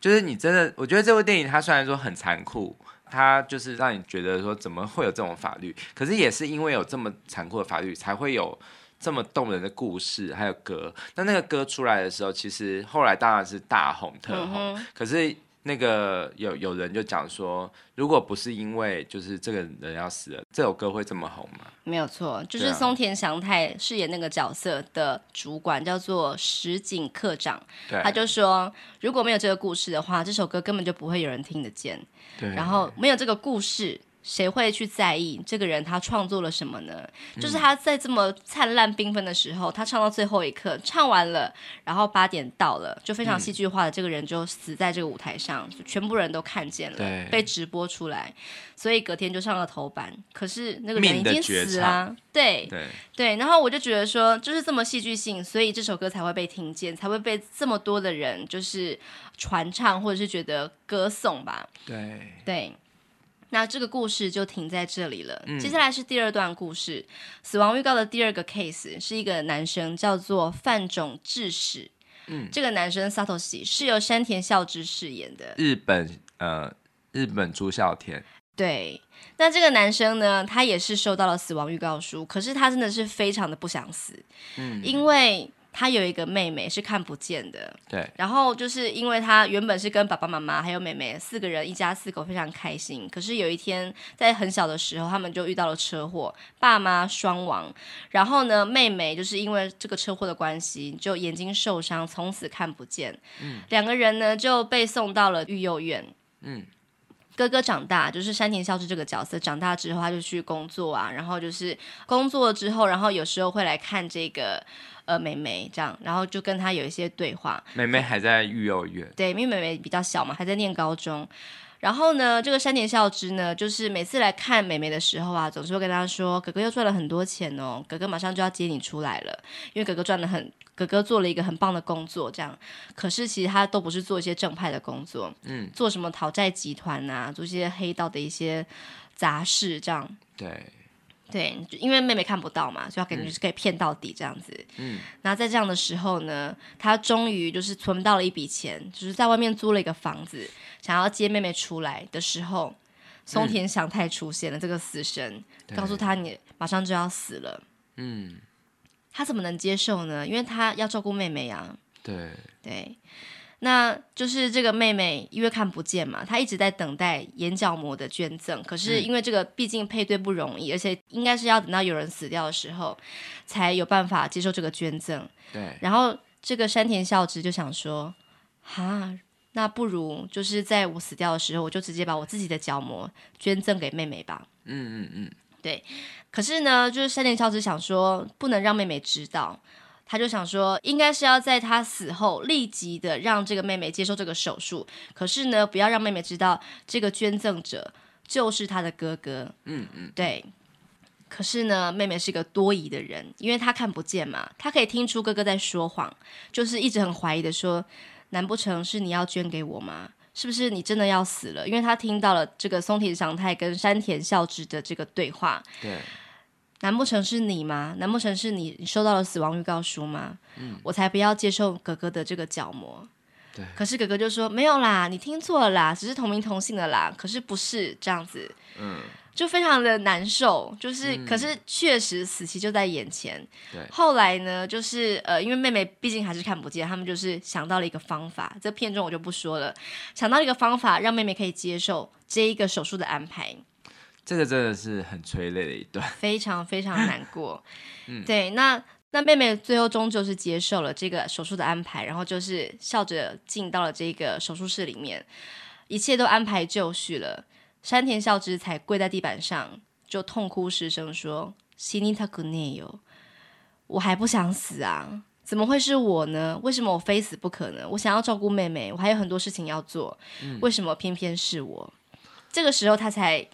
就是你真的，我覺得這部電影它雖然說很殘酷，它就是讓你覺得說怎麼會有這種法律，可是也是因為有這麼殘酷的法律，才會有這麼動人的故事還有歌。那那個歌出來的時候，其實後來當然是大紅特紅、嗯哼，可是。那個有有人就講說，如果不是因為就是這個人要死了，這首歌會這麼紅嗎？沒有錯，就是松田翔太飾演那個角色的主管，啊、叫做石井課長，對他就說，如果沒有這個故事的話，這首歌根本就不會有人聽得見。對，然後沒有這個故事，誰會去在意這個人他創作了什麼呢？嗯、就是他在這麼燦爛繽紛的時候，他唱到最後一刻，唱完了，然後八點到了，就非常戲劇化的，這個人就死在這個舞臺上，嗯、全部人都看見了，對被直播出來，所以隔天就上了頭版。可是那個人已經死了、啊，對對對。然後我就覺得說，就是這麼戲劇性，所以這首歌才會被聽見，才會被這麼多的人就是傳唱，或者是覺得歌頌吧。對對。對那這個故事就停在這裡了。嗯、接下來是第二段故事，死亡預告的第二個 case 是一個男生，叫做飯塚智史。嗯，這個男生 Satoshi 是由山田孝之飾演的。日本呃，日本朱孝天。對，那這個男生呢，他也是收到了死亡預告書，可是他真的是非常的不想死。嗯、因為。他有一個妹妹是看不見的，對。然後就是因為他原本是跟爸爸媽媽還有妹妹四個人，一家四口非常開心。可是有一天在很小的時候，他們就遇到了車禍，爸媽雙亡。然後呢，妹妹就是因為這個車禍的關係，就眼睛受傷，從此看不見。嗯。兩個人呢就被送到了育幼院。嗯。哥哥長大，就是山田孝之這個角色長大之後，他就去工作啊。然後就是工作之後，然後有時候會來看這個。呃，妹妹這樣，然後就跟他有一些對話。妹妹還在育幼院。對，因為妹妹比較小嘛，還在念高中。然後呢，這個山田孝之呢，就是每次來看妹妹的時候啊，總是會跟她說：“哥哥又賺了很多錢哦，哥哥馬上就要接你出來了，因為哥哥賺了很，哥哥做了一個很棒的工作，這樣。可是其實他都不是做一些正派的工作，嗯，做什麼討債集團啊，做一些黑道的一些雜事這樣。對。對，因為妹妹看不到嘛，所以給，就是可以騙到底這樣子。嗯，然、嗯、後在這樣的時候呢，他終於就是存到了一筆錢，就是在外面租了一個房子，想要接妹妹出來的時候，松田翔太出現了，這個死神、嗯、告訴他你馬上就要死了。嗯，他怎麼能接受呢？因為他要照顧妹妹呀、啊。對對。對那就是這個妹妹因為看不見嘛，她一直在等待眼角膜的捐贈。可是因為這個畢竟配對不容易，嗯、而且應該是要等到有人死掉的時候，才有辦法接受這個捐贈。對。然後這個山田孝之就想說，哈，那不如就是在我死掉的時候，我就直接把我自己的角膜捐贈給妹妹吧。嗯嗯嗯。對。可是呢，就是山田孝之想說，不能讓妹妹知道。他就想說，應該是要在他死後立即的讓這個妹妹接受這個手術，可是呢，不要讓妹妹知道這個捐贈者就是他的哥哥。嗯嗯，嗯對。可是呢，妹妹是個多疑的人，因為她看不見嘛，她可以聽出哥哥在說謊，就是一直很懷疑的說，難不成是你要捐給我嗎？是不是你真的要死了？因為她聽到了這個松田翔太跟山田孝之的這個對話。對。難不成是你嗎？難不成是你收到了死亡預告書嗎？嗯、我才不要接受哥哥的這個角膜。對可是哥哥就說沒有啦，你聽錯了啦，只是同名同姓的啦。可是不是這樣子，嗯、就非常的難受。就是，嗯、可是確實死期就在眼前。對後來呢，就是呃，因為妹妹畢竟還是看不見，他們就是想到了一個方法。這片中我就不說了，想到了一個方法讓妹妹可以接受這一個手術的安排。這個真的是很催淚的一段，非常非常難過。 [laughs] 嗯、對，那那妹妹最後終究是接受了這個手術的安排，然後就是笑着進到了這個手術室裡面，一切都安排就緒了。山田孝之才跪在地板上，就痛哭失聲說：“死にたくねえよ，我還不想死啊！怎麼會是我呢？為什麼我非死不可呢？我想要照顧妹妹，我還有很多事情要做，嗯、為什麼偏偏是我？ [laughs] 這個時候，他才。”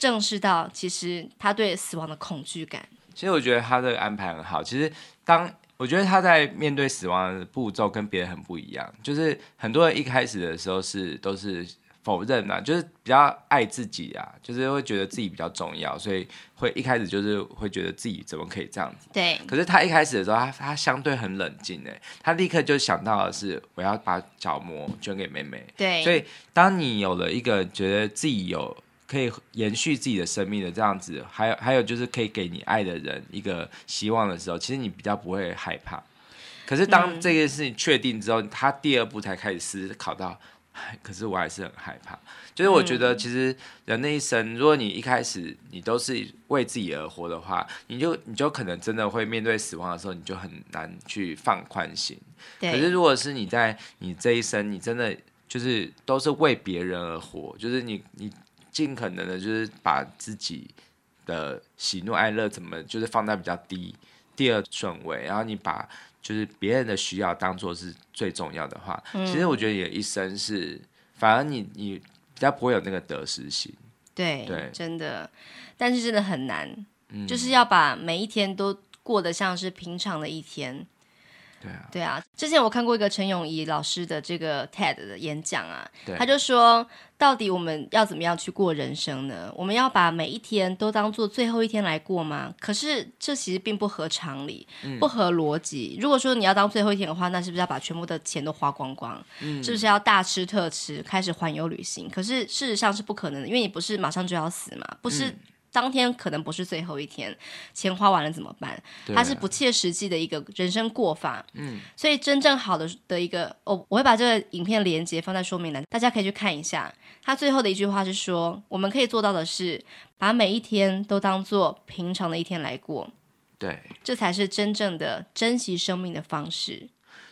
正視到其實他對死亡的恐懼感，其實我覺得他這個安排很好。其實當我覺得他在面對死亡的步驟跟別人很不一樣，就是很多人一開始的時候是都是否認吶、啊，就是比較愛自己啊，就是會覺得自己比較重要，所以會一開始就是會覺得自己怎麼可以這樣子。對。可是他一開始的時候他，他他相對很冷靜誒、欸，他立刻就想到的是我要把角膜捐給妹妹。對。所以當你有了一個覺得自己有。可以延續自己的生命的這樣子，還有還有就是可以給你愛的人一個希望的時候，其實你比較不會害怕。可是當這件事情確定之後，嗯、他第二步才開始思考到，唉，可是我還是很害怕。就是我覺得，其實人的一生，嗯、如果你一開始你都是為自己而活的話，你就你就可能真的會面對死亡的時候，你就很難去放寬心。對可是如果是你在你這一生，你真的就是都是為別人而活，就是你你。盡可能的，就是把自己的喜怒哀樂怎麼就是放在比較低第二順位，然後你把就是別人的需要當做是最重要的話，嗯、其實我覺得你的一生是，反而你你比較不會有那個得失心，對對，對真的，但是真的很難，嗯、就是要把每一天都過得像是平常的一天。對啊，對啊，之前我看過一個陳永儀老師的這個 TED 的演講啊，他對就說，到底我們要怎麼樣去過人生呢？我們要把每一天都當做最後一天來過嗎？可是這其實並不合常理，不合邏輯。嗯、如果說你要當最後一天的話，那是不是要把全部的錢都花光光？嗯、是不是要大吃特吃，開始環遊旅行？可是事實上是不可能的，因為你不是馬上就要死嘛，不是、嗯。當天可能不是最後一天，錢花完了怎麼辦？啊、它是不切實際的一個人生過法。嗯，所以真正好的的一個，我、哦、我會把這個影片連接放在說明欄，大家可以去看一下。他最後的一句話是說：我們可以做到的是，把每一天都當做平常的一天來過。對，這才是真正的珍惜生命的方式。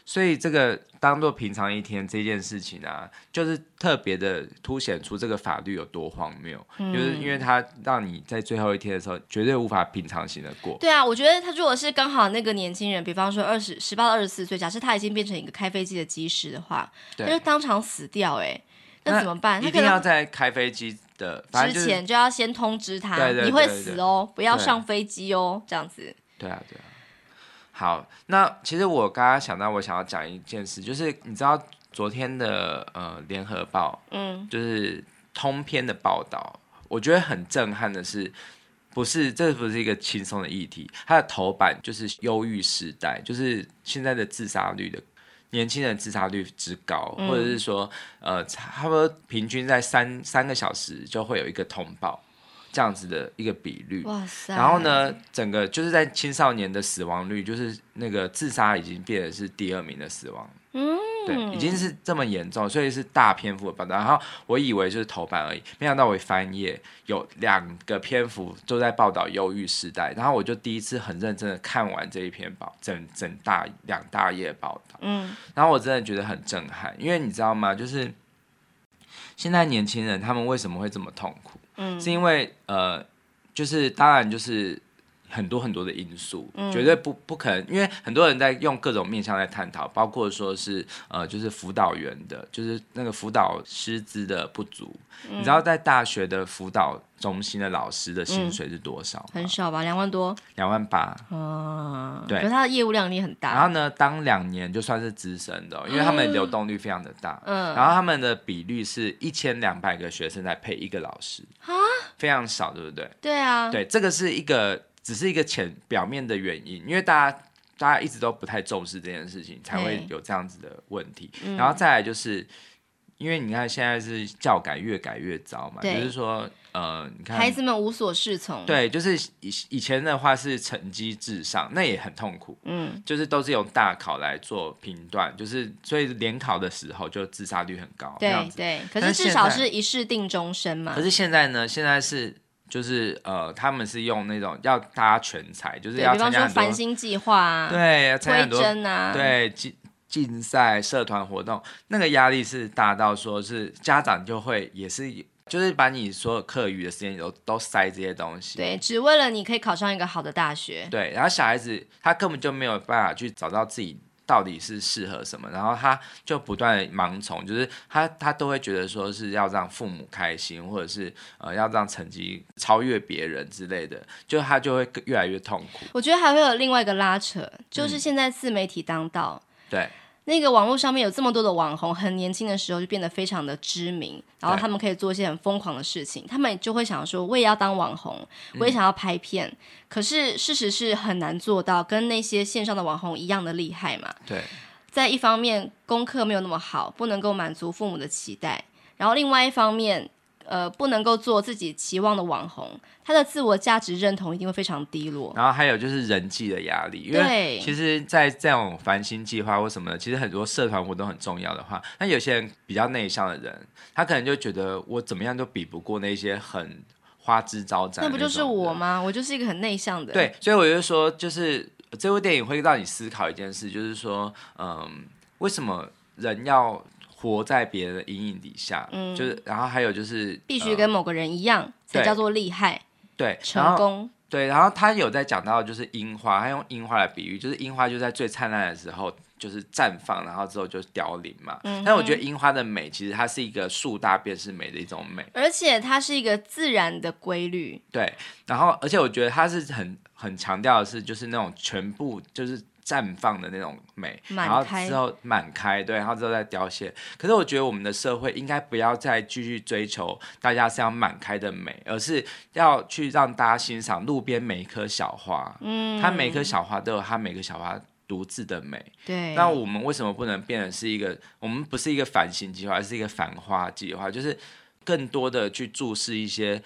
所以這個當做平常一天這件事情呢，啊,就是特別的凸顯出這個法律有多荒謬，嗯、就是因為它讓你在最後一天的時候絕對無法平常心的過。對啊，我覺得他如果是剛好那個年輕人，比方說二十十八到二十四歲，假設他已經變成一個開飛機的機師的話，對他就當場死掉哎，那怎麼辦？他一定要在開飛機的、就是，之前就要先通知他，對對對對你會死哦，不要上飛機哦，對這樣子。對啊，對啊，對啊。好，那其實我剛剛想到，我想要講一件事，就是你知道昨天的呃，《聯合報》嗯，就是通篇的報道，我覺得很震撼的是，不是，這不是一個輕鬆的議題，它的頭版就是憂鬱時代，就是現在的自殺率的，年輕人自殺率之高，或者是說呃，差不多平均在三三個小時就會有一個通報。這樣子的一個比率，哇塞，然後呢，整個就是在青少年的死亡率，就是那個自殺已經變得是第二名的死亡，嗯，對，已經是這麼嚴重，所以是大篇幅的報道。然後我以為就是頭版而已，沒想到我翻頁有兩個篇幅都在報道憂鬱世代。然後我就第一次很認真的看完這一篇報，整整大兩大頁報道，嗯，然後我真的覺得很震撼，因為你知道嗎？就是現在年輕人他們為什麼會這麼痛苦？嗯，是因為、嗯、呃，就是當然就是。很多很多的因素，嗯、絕對不不可能，因為很多人在用各種面向在探討，包括說是呃，就是輔導員的，就是那個輔導師資的不足。嗯、你知道在大學的輔導中心的老師的薪水是多少、嗯？很少吧，兩萬多。兩萬八。嗯、啊，對，可是他的業務量力很大。然後呢，當兩年就算是資深的、哦，因為他們流動率非常的大。嗯。嗯然後他們的比率是一千兩百個學生在配一個老師啊，非常少，對不對？對啊，對，這個是一個。只是一個淺表面的原因，因為大家大家一直都不太重視這件事情，對才會有這樣子的問題。嗯、然後再來就是，因為你看現在是教改越改越糟嘛，對就是說呃，你看孩子們無所適從。對，就是以以前的話是成績至上，那也很痛苦。嗯，就是都是用大考來做評斷，就是所以聯考的時候就自殺率很高。對對，可是至少是一試定終身嘛。可是現在呢？現在是。就是呃，他們是用那種要搭全才，就是要比方說繁星計劃啊，對，推甄啊，對，競競賽社團活動，那個壓力是大到說是家長就會也是，就是把你所有課餘的時間都都塞這些東西，對，只為了你可以考上一個好的大學，對，然後小孩子他根本就沒有辦法去找到自己。到底是適合什麼？然後他就不斷盲從，就是他他都會覺得說是要讓父母開心，或者是呃要讓成績超越別人之類的，就他就會越來越痛苦。我覺得還會有另外一個拉扯，就是現在自媒體當道，嗯、對。那個網絡上面有這麼多的網紅，很年輕的時候就變得非常的知名，然後他們可以做一些很瘋狂的事情，對他們就會想說我也要當網紅，我也想要拍片，嗯、可是事實是很難做到跟那些線上的網紅一樣的厲害嘛。對，在一方面功課沒有那麼好，不能夠滿足父母的期待，然後另外一方面。呃，不能夠做自己期望的網紅，他的自我價值認同一定會非常低落。然後還有就是人際的壓力，因為其實，在這種繁星計劃或什麼的，其實很多社團活動很重要的話，那有些人比較內向的人，他可能就覺得我怎麼樣都比不過那些很花枝招展。那不就是我嗎？我就是一個很內向的人。對，所以我就說，就是這部電影會讓你思考一件事，就是說，嗯，為什麼人要？活在別人的陰影底下，嗯、就是，然後還有就是必須跟某個人一樣、呃、才叫做厲害，對，成功，對，對，然後他有在講到就是櫻花，他用櫻花來比喻，就是櫻花就在最燦爛的時候就是綻放，然後之後就凋零嘛。嗯哼，但我覺得櫻花的美其實它是一個樹大便是美的一種美，而且它是一個自然的規律。對，然後而且我覺得它是很很強調的是，就是那種全部就是。綻放的那種美，滿開，然後之後滿開，對，然後之後再凋謝。可是我覺得我們的社會應該不要再繼續追求大家想要滿開的美，而是要去讓大家欣賞路邊每一棵小花。嗯，它每一棵小花都有它每個小花獨自的美。對。那我們為什麼不能變成是一個？我們不是一個繁星計劃，而是一個繁花計劃？就是更多的去注視一些，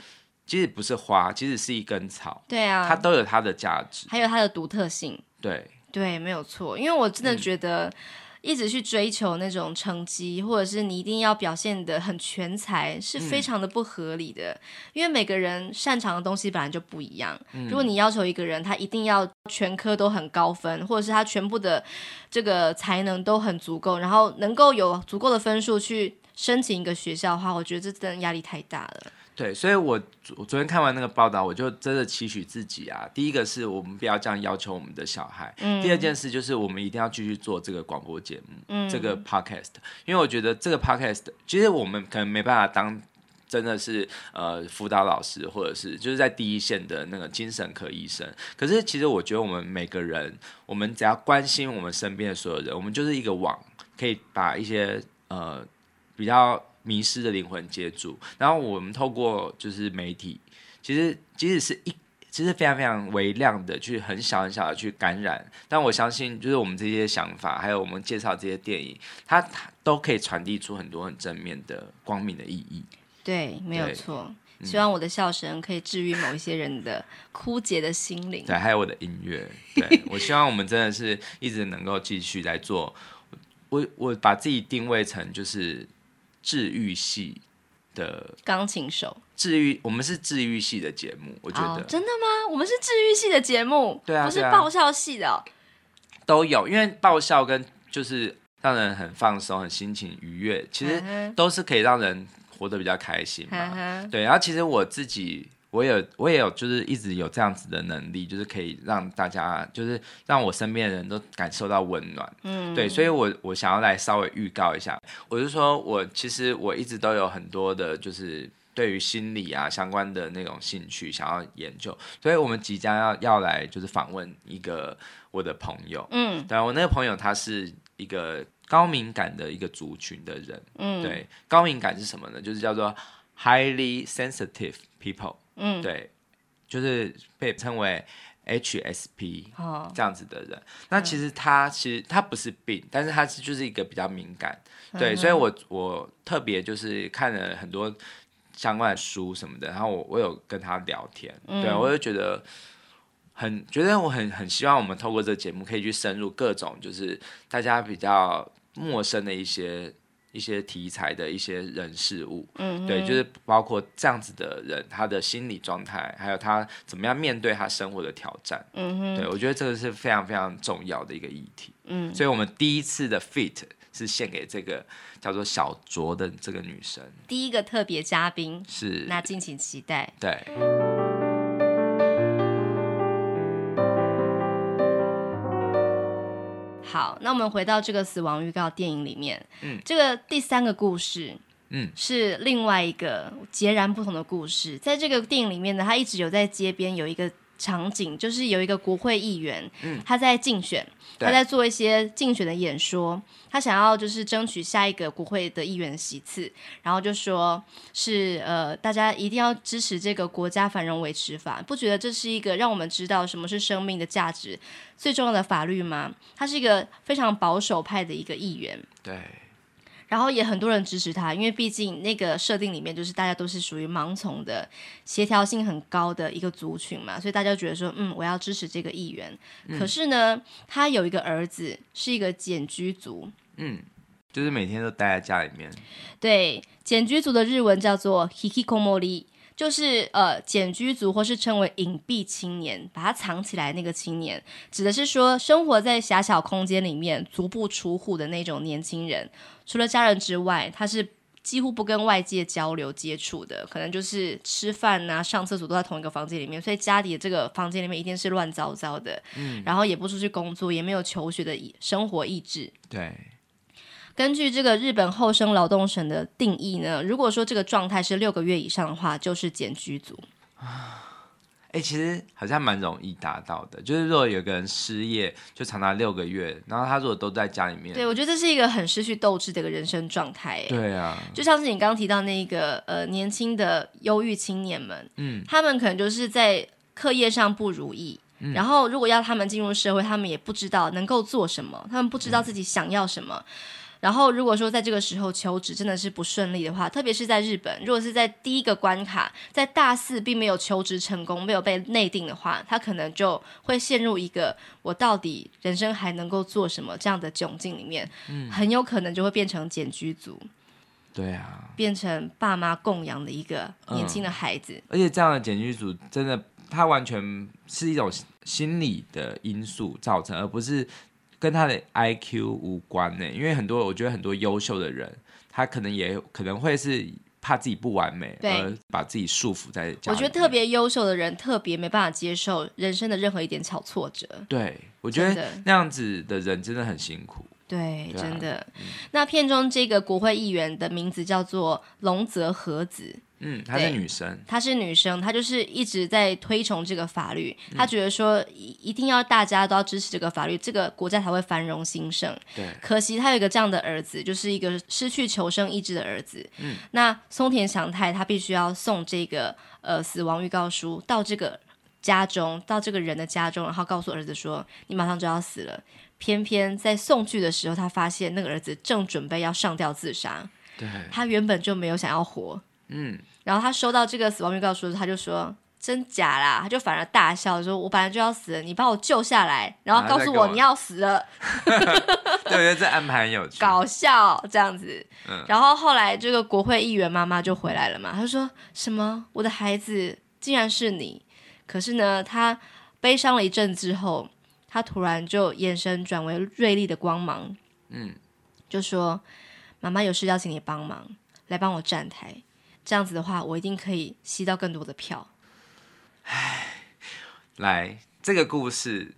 其實不是花，其實是一根草。對啊，它都有它的價值，還有它的獨特性。對。對，沒有錯，因為我真的覺得，一直去追求那種成績，嗯、或者是你一定要表現得很全才，是非常的不合理的。嗯、因為每個人擅長的東西本來就不一樣。嗯、如果你要求一個人他一定要全科都很高分，或者是他全部的這個才能都很足夠，然後能夠有足夠的分數去申請一個學校的話，我覺得這真的壓力太大了。對，所以我，我昨昨天看完那個報道，我就真的期許自己啊。第一個是我們不要這樣要求我們的小孩。嗯。第二件事就是，我們一定要繼續做這個廣播節目，嗯。這個 podcast。因為我覺得這個 podcast，其實我們可能沒辦法當真的是呃輔導老師，或者是就是在第一線的那個精神科醫生。可是，其實我覺得我們每個人，我們只要關心我們身邊的所有人，我們就是一個網，可以把一些呃比較。迷失的靈魂接住，然後我們透過就是媒體，其實即使是一其實非常非常微量的，去很小很小的去感染。但我相信，就是我們這些想法，還有我們介紹這些電影，它都可以傳遞出很多很正面的光明的意義。對，對沒有錯。嗯，希望我的笑聲可以治癒某一些人的枯竭的心靈。對，還有我的音樂。對 [laughs] 我希望我們真的是一直能夠繼續在做。我我把自己定位成就是。治癒系的鋼琴手，治癒，我們是治癒系的節目。哦、我覺得真的嗎？我們是治癒系的節目？對啊，對啊，不是爆笑系的。哦，都有，因為爆笑跟就是讓人很放鬆、很心情愉悅，其實都是可以讓人活得比較開心嘛。 [laughs] 對，然後其實我自己。我有，我也有，就是一直有這樣子的能力，就是可以讓大家，就是讓我身邊的人都感受到溫暖。嗯，對，所以我，我我想要來稍微預告一下，我就說我其實我一直都有很多的，就是對於心理啊相關的那種興趣想要研究，所以我們即將要要來就是訪問一個我的朋友。嗯，但我那個朋友他是一個高敏感的一個族群的人。嗯，對，高敏感是什麼呢？就是叫做 highly sensitive people。嗯，對，就是被稱為 HSP 這樣子的人。哦、那其實他、嗯、其實他不是病，但是他是就是一個比較敏感。對，嗯、哼所以我我特別就是看了很多相關的書什麼的，然後我我有跟他聊天，嗯、對，我就覺得很覺得我很很希望我們透過這節目可以去深入各種就是大家比較陌生的一些。一些題材的一些人事物，嗯哼，對，就是包括這樣子的人，他的心理狀態，還有他怎麼樣面對他生活的挑戰，嗯哼，對我覺得這個是非常非常重要的一個議題，嗯哼，所以我們第一次的 fit 是獻給這個叫做小卓的這個女生，第一個特別嘉賓是，那敬請期待，對。好，那我們回到這個死亡預告電影裡面，嗯，這個第三個故事，嗯，是另外一個截然不同的故事。在這個電影裡面呢，他一直有在街邊有一個場景就是有一個國會議員，嗯，他在競選，對他在做一些競選的演說，他想要就是爭取下一個國會的議員席次，然後就說是呃，大家一定要支持這個國家繁榮維持法，不覺得這是一個讓我們知道什麼是生命的價值最重要的法律嗎？他是一個非常保守派的一個議員。對。然後也很多人支持他，因為畢竟那個設定裡面就是大家都是屬於盲從的、協調性很高的一個族群嘛，所以大家覺得說，嗯，我要支持這個議員。嗯、可是呢，他有一個兒子是一個繭居族，嗯，就是每天都待在家裡面。對，繭居族的日文叫做引きこもり。就是呃，繭居族或是稱為隱蔽青年，把它藏起來那個青年，指的是說生活在狹小空間裡面，足不出戶的那種年輕人。除了家人之外，他是幾乎不跟外界交流接觸的，可能就是吃飯啊、上廁所都在同一個房間裡面，所以家裡的這個房間裡面一定是亂糟糟的。嗯。然後也不出去工作，也沒有求學的生活意志。對。根據這個日本厚生勞動省的定義呢，如果說這個狀態是六個月以上的話，就是繭居族。哎，其實好像蠻容易達到的，就是如果有個人失業就長達六個月，然後他如果都在家裡面，對，我覺得這是一個很失去鬥志的一個人生狀態。對啊，就像是你剛剛提到那個呃年輕的憂鬱青年們，嗯，他們可能就是在課業上不如意，嗯、然後如果要他們進入社會，他們也不知道能夠做什麼，他們不知道自己想要什麼。嗯然後，如果說在這個時候求職真的是不順利的話，特別是在日本，如果是在第一個關卡，在大四並沒有求職成功，沒有被內定的話，他可能就會陷入一個“我到底人生還能夠做什麼”這樣的窘境裡面，嗯、很有可能就會變成繭居族。對啊，變成爸媽供養的一個年輕的孩子。嗯、而且這樣的繭居族真的他完全是一種心理的因素造成，而不是。跟他的 IQ 無關呢、欸，因為很多我覺得很多優秀的人，他可能也可能會是怕自己不完美，對而把自己束縛在家裡面。我覺得特別優秀的人特別沒辦法接受人生的任何一點小挫折。對，我覺得那樣子的人真的很辛苦。對，真的。啊嗯、那片中這個國會議員的名字叫做瀧澤和子。嗯，她是，是女生。她是女生，她就是一直在推崇這個法律，她覺得說一一定要大家都要支持這個法律，嗯、這個國家才會繁榮興盛。對，可惜她有一個這樣的兒子，就是一個失去求生意志的兒子。嗯，那松田翔太他必須要送這個呃死亡預告書到這個家中，到這個人的家中，然後告訴兒子說你馬上就要死了。偏偏在送去的時候，他發現那個兒子正準備要上吊自殺。對，他原本就沒有想要活。嗯，然後他收到這個死亡預告書，他就說：“真假啦！”他就反而大笑說：“我本來就要死了，你把我救下來，然後告訴我，啊、我你要死了。” [laughs] 對，我覺得這安排很有趣，搞笑這樣子。嗯，然後後來這個國會議員媽媽就回來了嘛，她說：“什麼？我的孩子竟然是你？”可是呢，他悲傷了一陣之後。他突然就眼神轉為銳利的光芒，嗯，就說：“媽媽有事要請你幫忙，來幫我站台，這樣子的話，我一定可以吸到更多的票。”唉，來這個故事，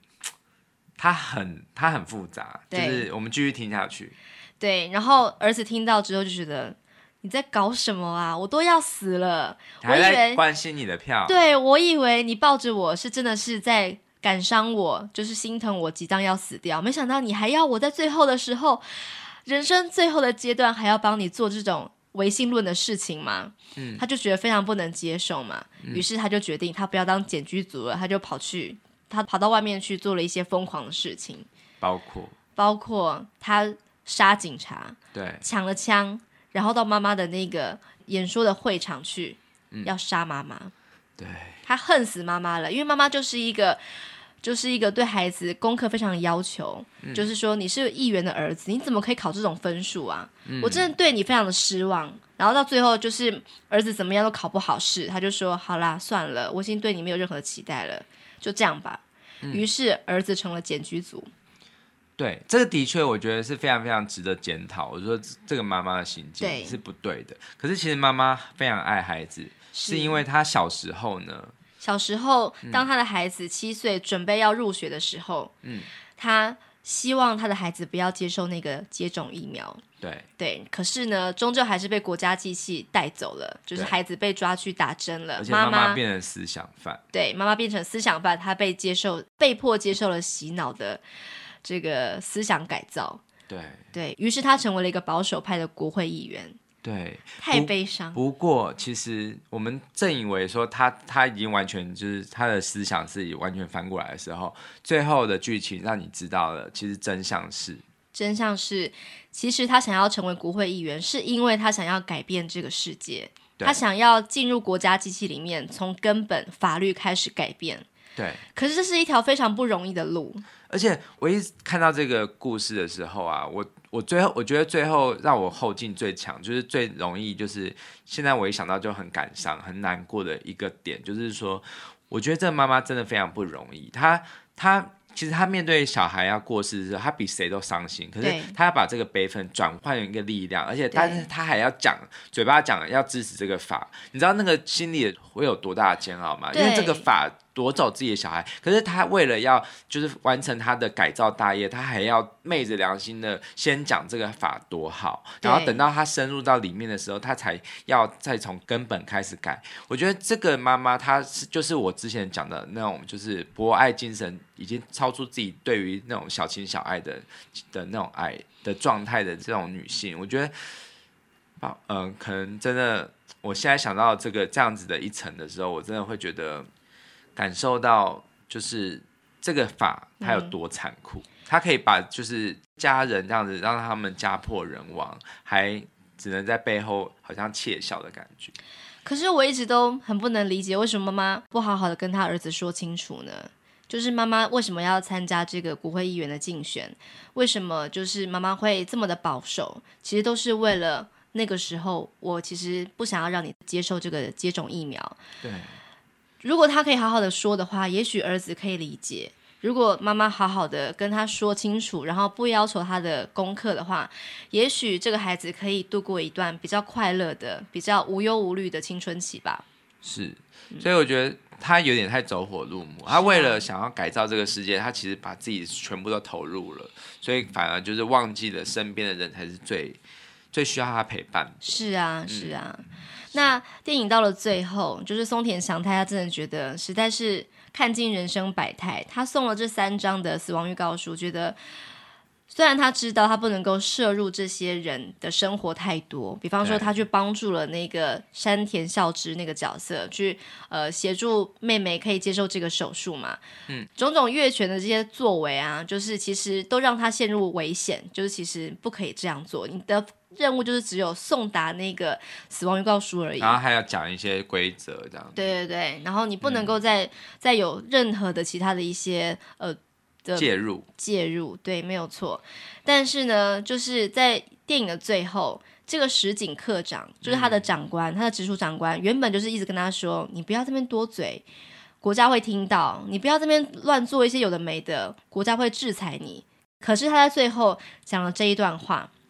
它很它很複雜，對就是我們繼續聽下去。對，然後兒子聽到之後就覺得：“你在搞什麼啊？我都要死了！”我以為關心你的票，我對我以為你抱着我是真的是在。感傷我，就是心疼我即將要死掉。沒想到你還要我在最後的時候，人生最後的階段還要幫你做這種唯心論的事情嗎？嗯，他就覺得非常不能接受嘛。於、嗯、是他就決定他不要當繭居族了，他就跑去他跑到外面去做了一些瘋狂的事情，包括包括他殺警察，對，搶了槍，然後到媽媽的那個演說的會場去，嗯、要殺媽媽。對，他恨死媽媽了，因為媽媽就是一個。就是一個對孩子功課非常的要求，嗯、就是說你是議員的兒子，你怎麼可以考這種分數啊？嗯、我真的對你非常的失望。然後到最後就是兒子怎麼樣都考不好試，他就說好啦，算了，我已經對你沒有任何期待了，就這樣吧。嗯、於是兒子成了繭居族。對，這個的確我覺得是非常非常值得檢討。我說這個媽媽的行徑對是不對的，可是其實媽媽非常愛孩子，是，是因為她小時候呢。小時候，當他的孩子七歲、嗯、準備要入學的時候，嗯，他希望他的孩子不要接受那個接種疫苗。對對，可是呢，終究還是被國家機器帶走了，就是孩子被抓去打針了，對媽媽，而且媽媽變成思想犯。對，媽媽變成思想犯，她被接受，被迫接受了洗腦的這個思想改造。對，對，於是他成為了一個保守派的國會議員。對，太悲傷。不過，其實我們正以為說他他已經完全就是他的思想是完全翻過來的時候，最後的劇情讓你知道了，其實真相是，真相是，其實他想要成為國會議員，是因為他想要改變這個世界，對他想要進入國家機器裡面，從根本法律開始改變。對，可是這是一條非常不容易的路。而且我一看到這個故事的時候啊，我我最後我覺得最後讓我後勁最強，就是最容易就是現在我一想到就很感傷、很難過的一個點，就是說，我覺得這個媽媽真的非常不容易。她她其實她面對小孩要過世的時候，她比誰都傷心。可是她要把這個悲憤轉換成一個力量，而且但是對她還要講嘴巴講要支持這個法，你知道那個心裡會有多大的煎熬嗎？對因為這個法奪走自己的小孩，可是他為了要就是完成他的改造大業，他還要昧着良心的先講這個法多好，對然後等到他深入到裡面的時候，他才要再從根本開始改。我覺得這個媽媽，她是就是我之前講的那種，就是博愛精神已經超出自己對於那種小情小愛的的那種愛的狀態的這種女性。我覺得，嗯，可能真的，我現在想到這個這樣子的一層的時候，我真的會覺得。感受到就是這個法它有多殘酷，他、嗯、可以把就是家人這樣子讓他們家破人亡，還只能在背後好像竊笑的感覺。可是我一直都很不能理解，為什麼媽媽不好好的跟他兒子說清楚呢？就是媽媽為什麼要參加這個國會議員的競選？為什麼就是媽媽會這麼的保守？其實都是為了那個時候，我其實不想要讓你接受這個接種疫苗。對。如果他可以好好的說的話，也許兒子可以理解。如果媽媽好好的跟他說清楚，然後不要求他的功課的話，也許這個孩子可以度過一段比較快樂的、比較無憂無慮的青春期吧。是，所以我覺得他有點太走火入魔。嗯、他為了想要改造這個世界，他其實把自己全部都投入了，所以反而就是忘記了身邊的人才是最最需要他陪伴。是啊，是啊。嗯那電影到了最後，就是松田翔太，他真的覺得實在是看盡人生百態。他送了這三張的死亡預告書，覺得雖然他知道他不能夠涉入這些人的生活太多，比方說他去幫助了那個山田孝之那個角色對去呃協助妹妹可以接受這個手術嘛，嗯，種種越權的這些作為啊，就是其實都讓他陷入危險，就是其實不可以這樣做，你的。任務就是只有送達那個死亡預告書而已，然後還要講一些規則，這樣子。對對對，然後你不能夠再、嗯、再有任何的其他的一些呃的介入介入，對，沒有錯。但是呢，就是在電影的最後，這個石井課長就是他的長官，嗯、他的直屬長官原本就是一直跟他說：“你不要這邊多嘴，國家會聽到，你不要這邊亂做一些有的沒的，國家會制裁你。”可是他在最後講了這一段話。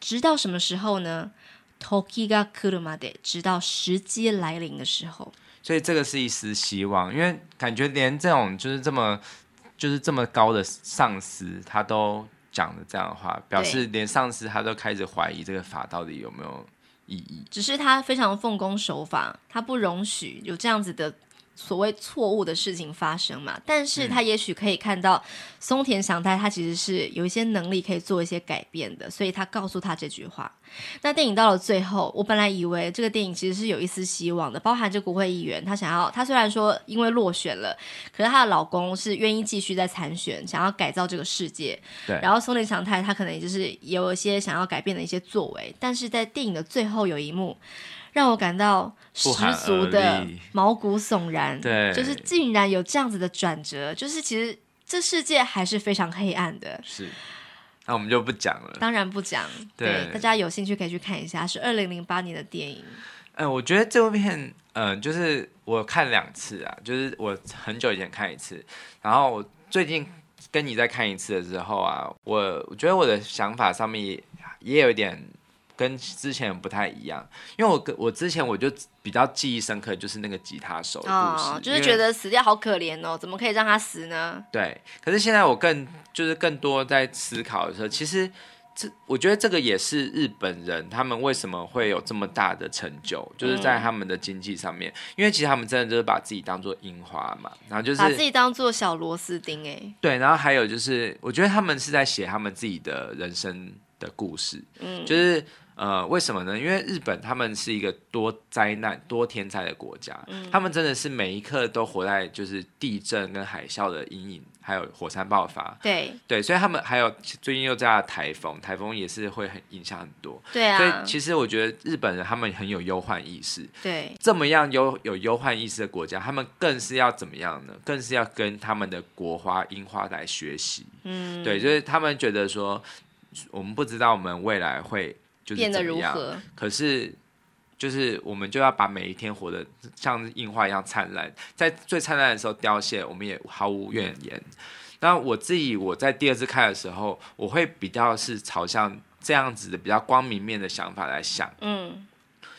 直到什麼時候呢？時が來るまで，直到時機來臨的時候。所以這個是一絲希望，因為感覺連這種就是這麼就是這麼高的上司，他都講了這樣的話，表示連上司他都開始懷疑這個法到底有沒有意義。對只是他非常奉公守法，他不容許有這樣子的。所謂錯誤的事情發生嘛，但是他也許可以看到松田翔太，他其實是有一些能力可以做一些改變的，所以他告訴他這句話。那電影到了最後，我本來以為這個電影其實是有一絲希望的，包含這國會議員，他想要，他雖然說因為落選了，可是他的老公是願意繼續在參選，想要改造這個世界。對然後松田翔太他可能也就是也有一些想要改變的一些作為，但是在電影的最後有一幕。讓我感到十足的毛骨悚然，對，就是竟然有這樣子的轉折，就是其實這世界還是非常黑暗的。是，那我們就不講了。當然不講，對，對，大家有興趣可以去看一下，是二零零八年的電影。嗯、呃，我覺得這部片，嗯、呃，就是我看兩次啊，就是我很久以前看一次，然後最近跟你再看一次的時候啊，我我覺得我的想法上面也，也有一點。跟之前不太一樣，因為我跟我之前我就比較記憶深刻，就是那個吉他手的故事，哦、就是覺得死掉為好可憐哦，怎麼可以讓他死呢？對。可是現在我更就是更多在思考的時候，其實這我覺得這個也是日本人他們為什麼會有這麼大的成就，就是在他們的經濟上面，嗯、因為其實他們真的就是把自己當做櫻花嘛，然後就是把自己當做小螺絲釘哎。對。然後還有就是，我覺得他們是在寫他們自己的人生的故事，嗯，就是。呃，為什麼呢？因為日本他們是一個多災難、多天災的國家，嗯、他們真的是每一刻都活在就是地震跟海嘯的陰影，還有火山爆發。對對，所以他們還有最近又加了颱風，颱風也是會很影響很多。對啊，所以其實我覺得日本人他們很有憂患意識。對，這麼樣有有憂患意識的國家，他們更是要怎麼樣呢？更是要跟他們的國花櫻花來學習。嗯，對，所以他們覺得說，我們不知道我們未來會。變得如何？可是，就是我們就要把每一天活得像是櫻花一樣燦爛，在最燦爛的時候凋謝，我們也毫無怨言。那我自己，我在第二次看的時候，我會比較是朝向這樣子的比較光明面的想法來想。嗯，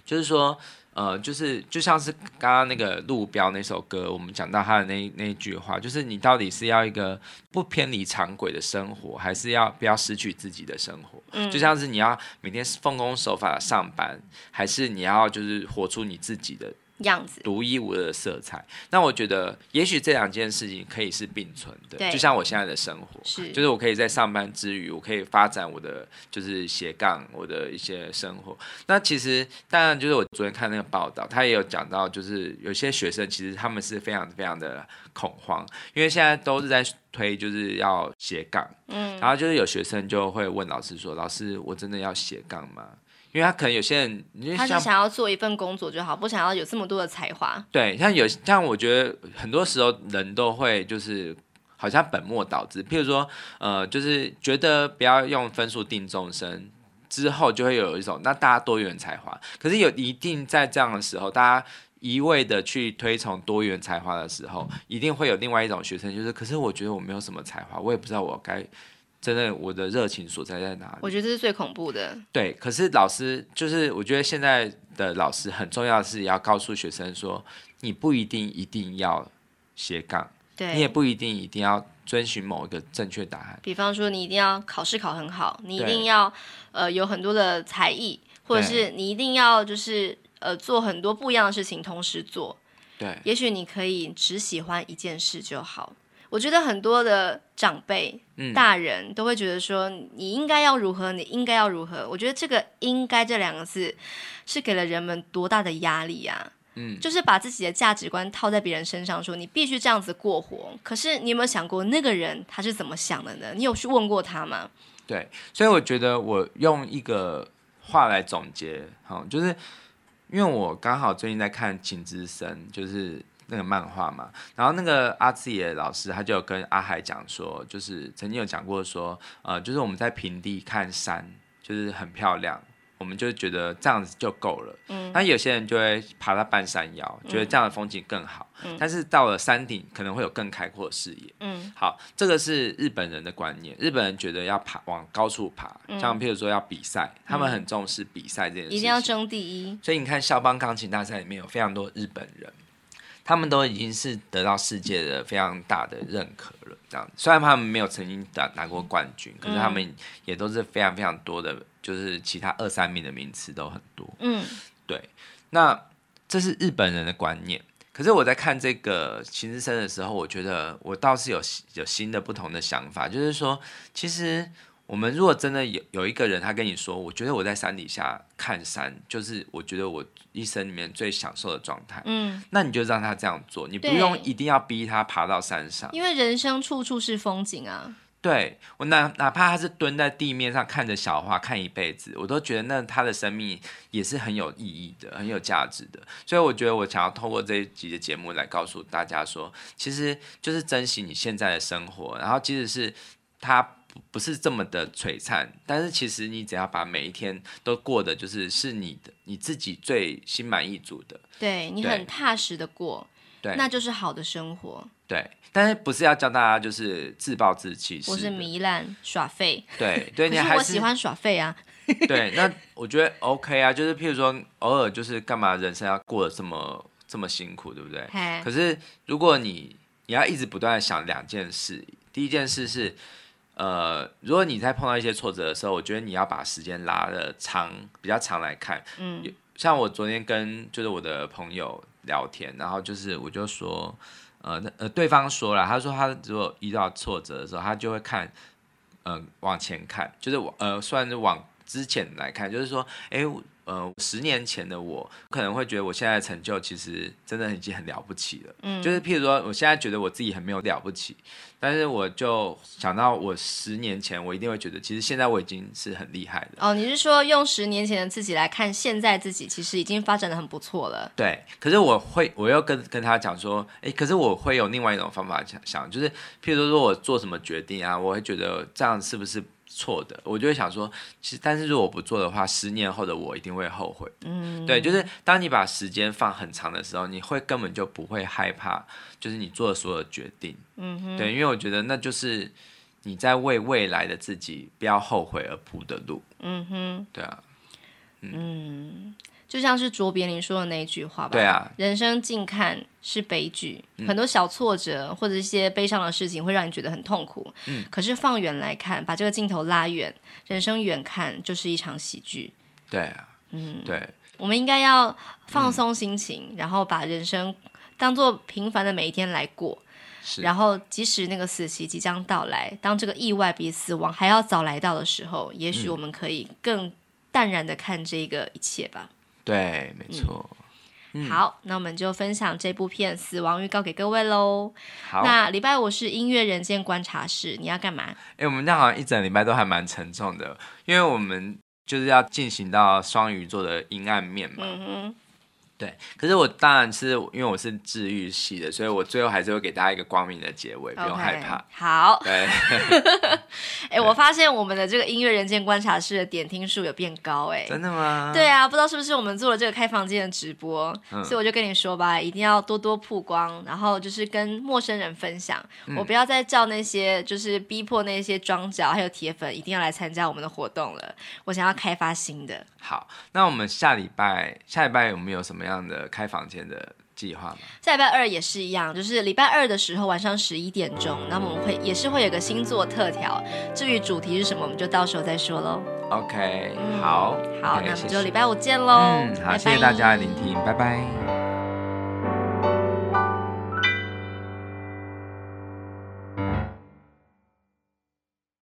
就是說。呃，就是就像是剛剛那個路標那首歌，我們講到他的那那句話，就是你到底是要一個不偏離常軌的生活，還是要不要失去自己的生活？嗯、就像是你要每天奉公守法上班，還是你要就是活出你自己的樣子獨一無二的色彩。那我覺得，也許這兩件事情可以是並存的。對，就像我現在的生活，是，就是我可以在上班之餘，我可以發展我的就是斜槓，我的一些生活。那其實，當然，就是我昨天看那個報道，他也有講到，就是有些學生其實他們是非常非常的恐慌，因為現在都是在推就是要斜槓，嗯，然後就是有學生就會問老師說：“老師，我真的要斜槓嗎？”因為他可能有些人，他就想要做一份工作就好，不想要有這麼多的才華。對，像有，像我覺得很多時候人都會就是好像本末倒置。譬如說，呃，就是覺得不要用分數定終身之後，就會有一種那大家多元才華。可是有一定在這樣的時候，大家一味的去推崇多元才華的時候，一定會有另外一種學生，就是可是我覺得我沒有什麼才華，我也不知道我該。真的，我的熱情所在在哪裡？我覺得這是最恐怖的。對，可是老師就是，我覺得現在的老師很重要的是要告訴學生說，你不一定一定要斜槓，對，你也不一定一定要遵循某一個正確答案。比方說，你一定要考試考很好，你一定要對呃有很多的才藝，或者是你一定要就是呃做很多不一樣的事情同時做。對，也許你可以只喜歡一件事就好。我覺得很多的長輩、大人，都會覺得說、嗯、你應該要如何，你應該要如何。我覺得這個“應該”這兩個字，是給了人們多大的壓力呀、啊！嗯，就是把自己的價值觀套在別人身上說，說你必須這樣子過活。可是你有沒有想過，那個人他是怎麼想的呢？你有去問過他嗎？對，所以我覺得我用一個話來總結，哈、嗯哦，就是因為我剛好最近在看《情之聲》，就是。那個漫畫嘛，然後那個阿志野老師他就有跟阿海講說，就是曾經有講過說，呃，就是我們在平地看山就是很漂亮，我們就覺得這樣子就夠了。嗯。那有些人就會爬到半山腰，嗯、覺得這樣的風景更好。嗯、但是到了山頂可能會有更開闊的視野。嗯。好，這個是日本人的觀念。日本人覺得要爬往高處爬，嗯、像譬如說要比賽，嗯、他們很重視比賽這件事情，一定要爭第一。所以你看肖邦鋼琴大賽裡面有非常多日本人。他們都已經是得到世界的非常大的認可了，這樣子。雖然他們沒有曾經拿拿過冠軍，可是他們也都是非常非常多的，就是其他二三名的名次都很多。嗯，對。那這是日本人的觀念，可是我在看這個秦之生的時候，我覺得我倒是有有新的不同的想法，就是說，其實。我們如果真的有有一個人，他跟你說，我覺得我在山底下看山，就是我覺得我一生裡面最享受的狀態。嗯，那你就讓他這樣做，對你不用一定要逼他爬到山上。因為人生處處是風景啊。對，我哪，哪哪怕他是蹲在地面上看着小花看一輩子，我都覺得那他的生命也是很有意義的，很有價值的。所以我覺得我想要透過這一集的節目來告訴大家說，其實就是珍惜你現在的生活，然後即使是他。不是這麼的璀璨，但是其實你只要把每一天都過得就是是你的你自己最心滿意足的，對，對你很踏實的過，對，那就是好的生活。對，但是不是要教大家就是自暴自棄，我是糜爛耍廢？對對，你還是我喜歡耍廢啊 [laughs] 。對，那我覺得 OK 啊，就是譬如說偶爾就是幹嘛，人生要過得這麼這麼辛苦，對不對？嘿可是如果你你要一直不斷想兩件事，第一件事是。呃，如果你在碰到一些挫折的時候，我覺得你要把時間拉得長，比較長來看。嗯，像我昨天跟就是我的朋友聊天，然後就是我就說，呃，那呃，對方說了，他說他如果遇到挫折的時候，他就會看，呃，往前看，就是我呃算是往之前來看，就是說，誒。呃，十年前的我可能會覺得，我現在的成就其實真的已經很了不起了。嗯，就是譬如說，我現在覺得我自己很沒有了不起，但是我就想到我十年前，我一定會覺得，其實現在我已經是很厲害的。哦，你是說用十年前的自己來看現在自己，其實已經發展的很不錯了。對，可是我會，我又跟跟他講說，哎、欸，可是我會有另外一種方法想，想就是譬如說，我做什麼決定啊，我會覺得這樣是不是？錯的，我就會想說，其實，但是如果不做的話，十年後的我一定會後悔。嗯哼，對，就是當你把時間放很長的時候，你會根本就不會害怕，就是你做的所有的決定。嗯哼，對，因為我覺得那就是你在為未來的自己不要後悔而鋪的路。嗯哼，對啊，嗯。嗯就像是卓別林說的那一句話吧，對啊、人生近看是悲劇，嗯、很多小挫折或者一些悲傷的事情會讓你覺得很痛苦。嗯、可是放遠來看，把這個鏡頭拉遠，人生遠看就是一場喜劇。對啊，嗯，對，我們應該要放鬆心情，嗯、然後把人生當做平凡的每一天來過。是，然後即使那個死期即將到來，當這個意外比死亡還要早來到的時候，也許我們可以更淡然地看這一個一切吧。對，沒錯。嗯嗯、好，那我們就分享這部片《死亡預告》給各位嘍。好，那禮拜五是音樂人間觀察室，你要幹嘛？哎、欸，我們那好像一整禮拜都還蠻沉重的，因為我們就是要進行到雙魚座的陰暗面嘛。嗯對，可是我當然是因為我是治癒系的，所以我最後還是會給大家一個光明的結尾，okay, 不用害怕。好。對。哎，我發現我們的這個音樂人間觀察室的點聽數有變高、欸，哎，真的嗎？對啊，不知道是不是我們做了這個開房間的直播，嗯、所以我就跟你說吧，一定要多多曝光，然後就是跟陌生人分享。嗯、我不要再叫那些就是逼迫那些樁腳還有鐵粉一定要來參加我們的活動了，我想要開發新的。好，那我們下禮拜下禮拜有沒有什麼樣的？這樣的開房間的計劃嗎？下禮拜二也是一樣，就是禮拜二的時候晚上十一點鐘，那、嗯、我們會也是會有個星座特調。至於主題是什麼，我們就到時候再說嘍。OK，、嗯、好，嘿好，那我們就禮拜五見嘍。嗯，好，拜拜，謝謝大家的聆聽，拜拜。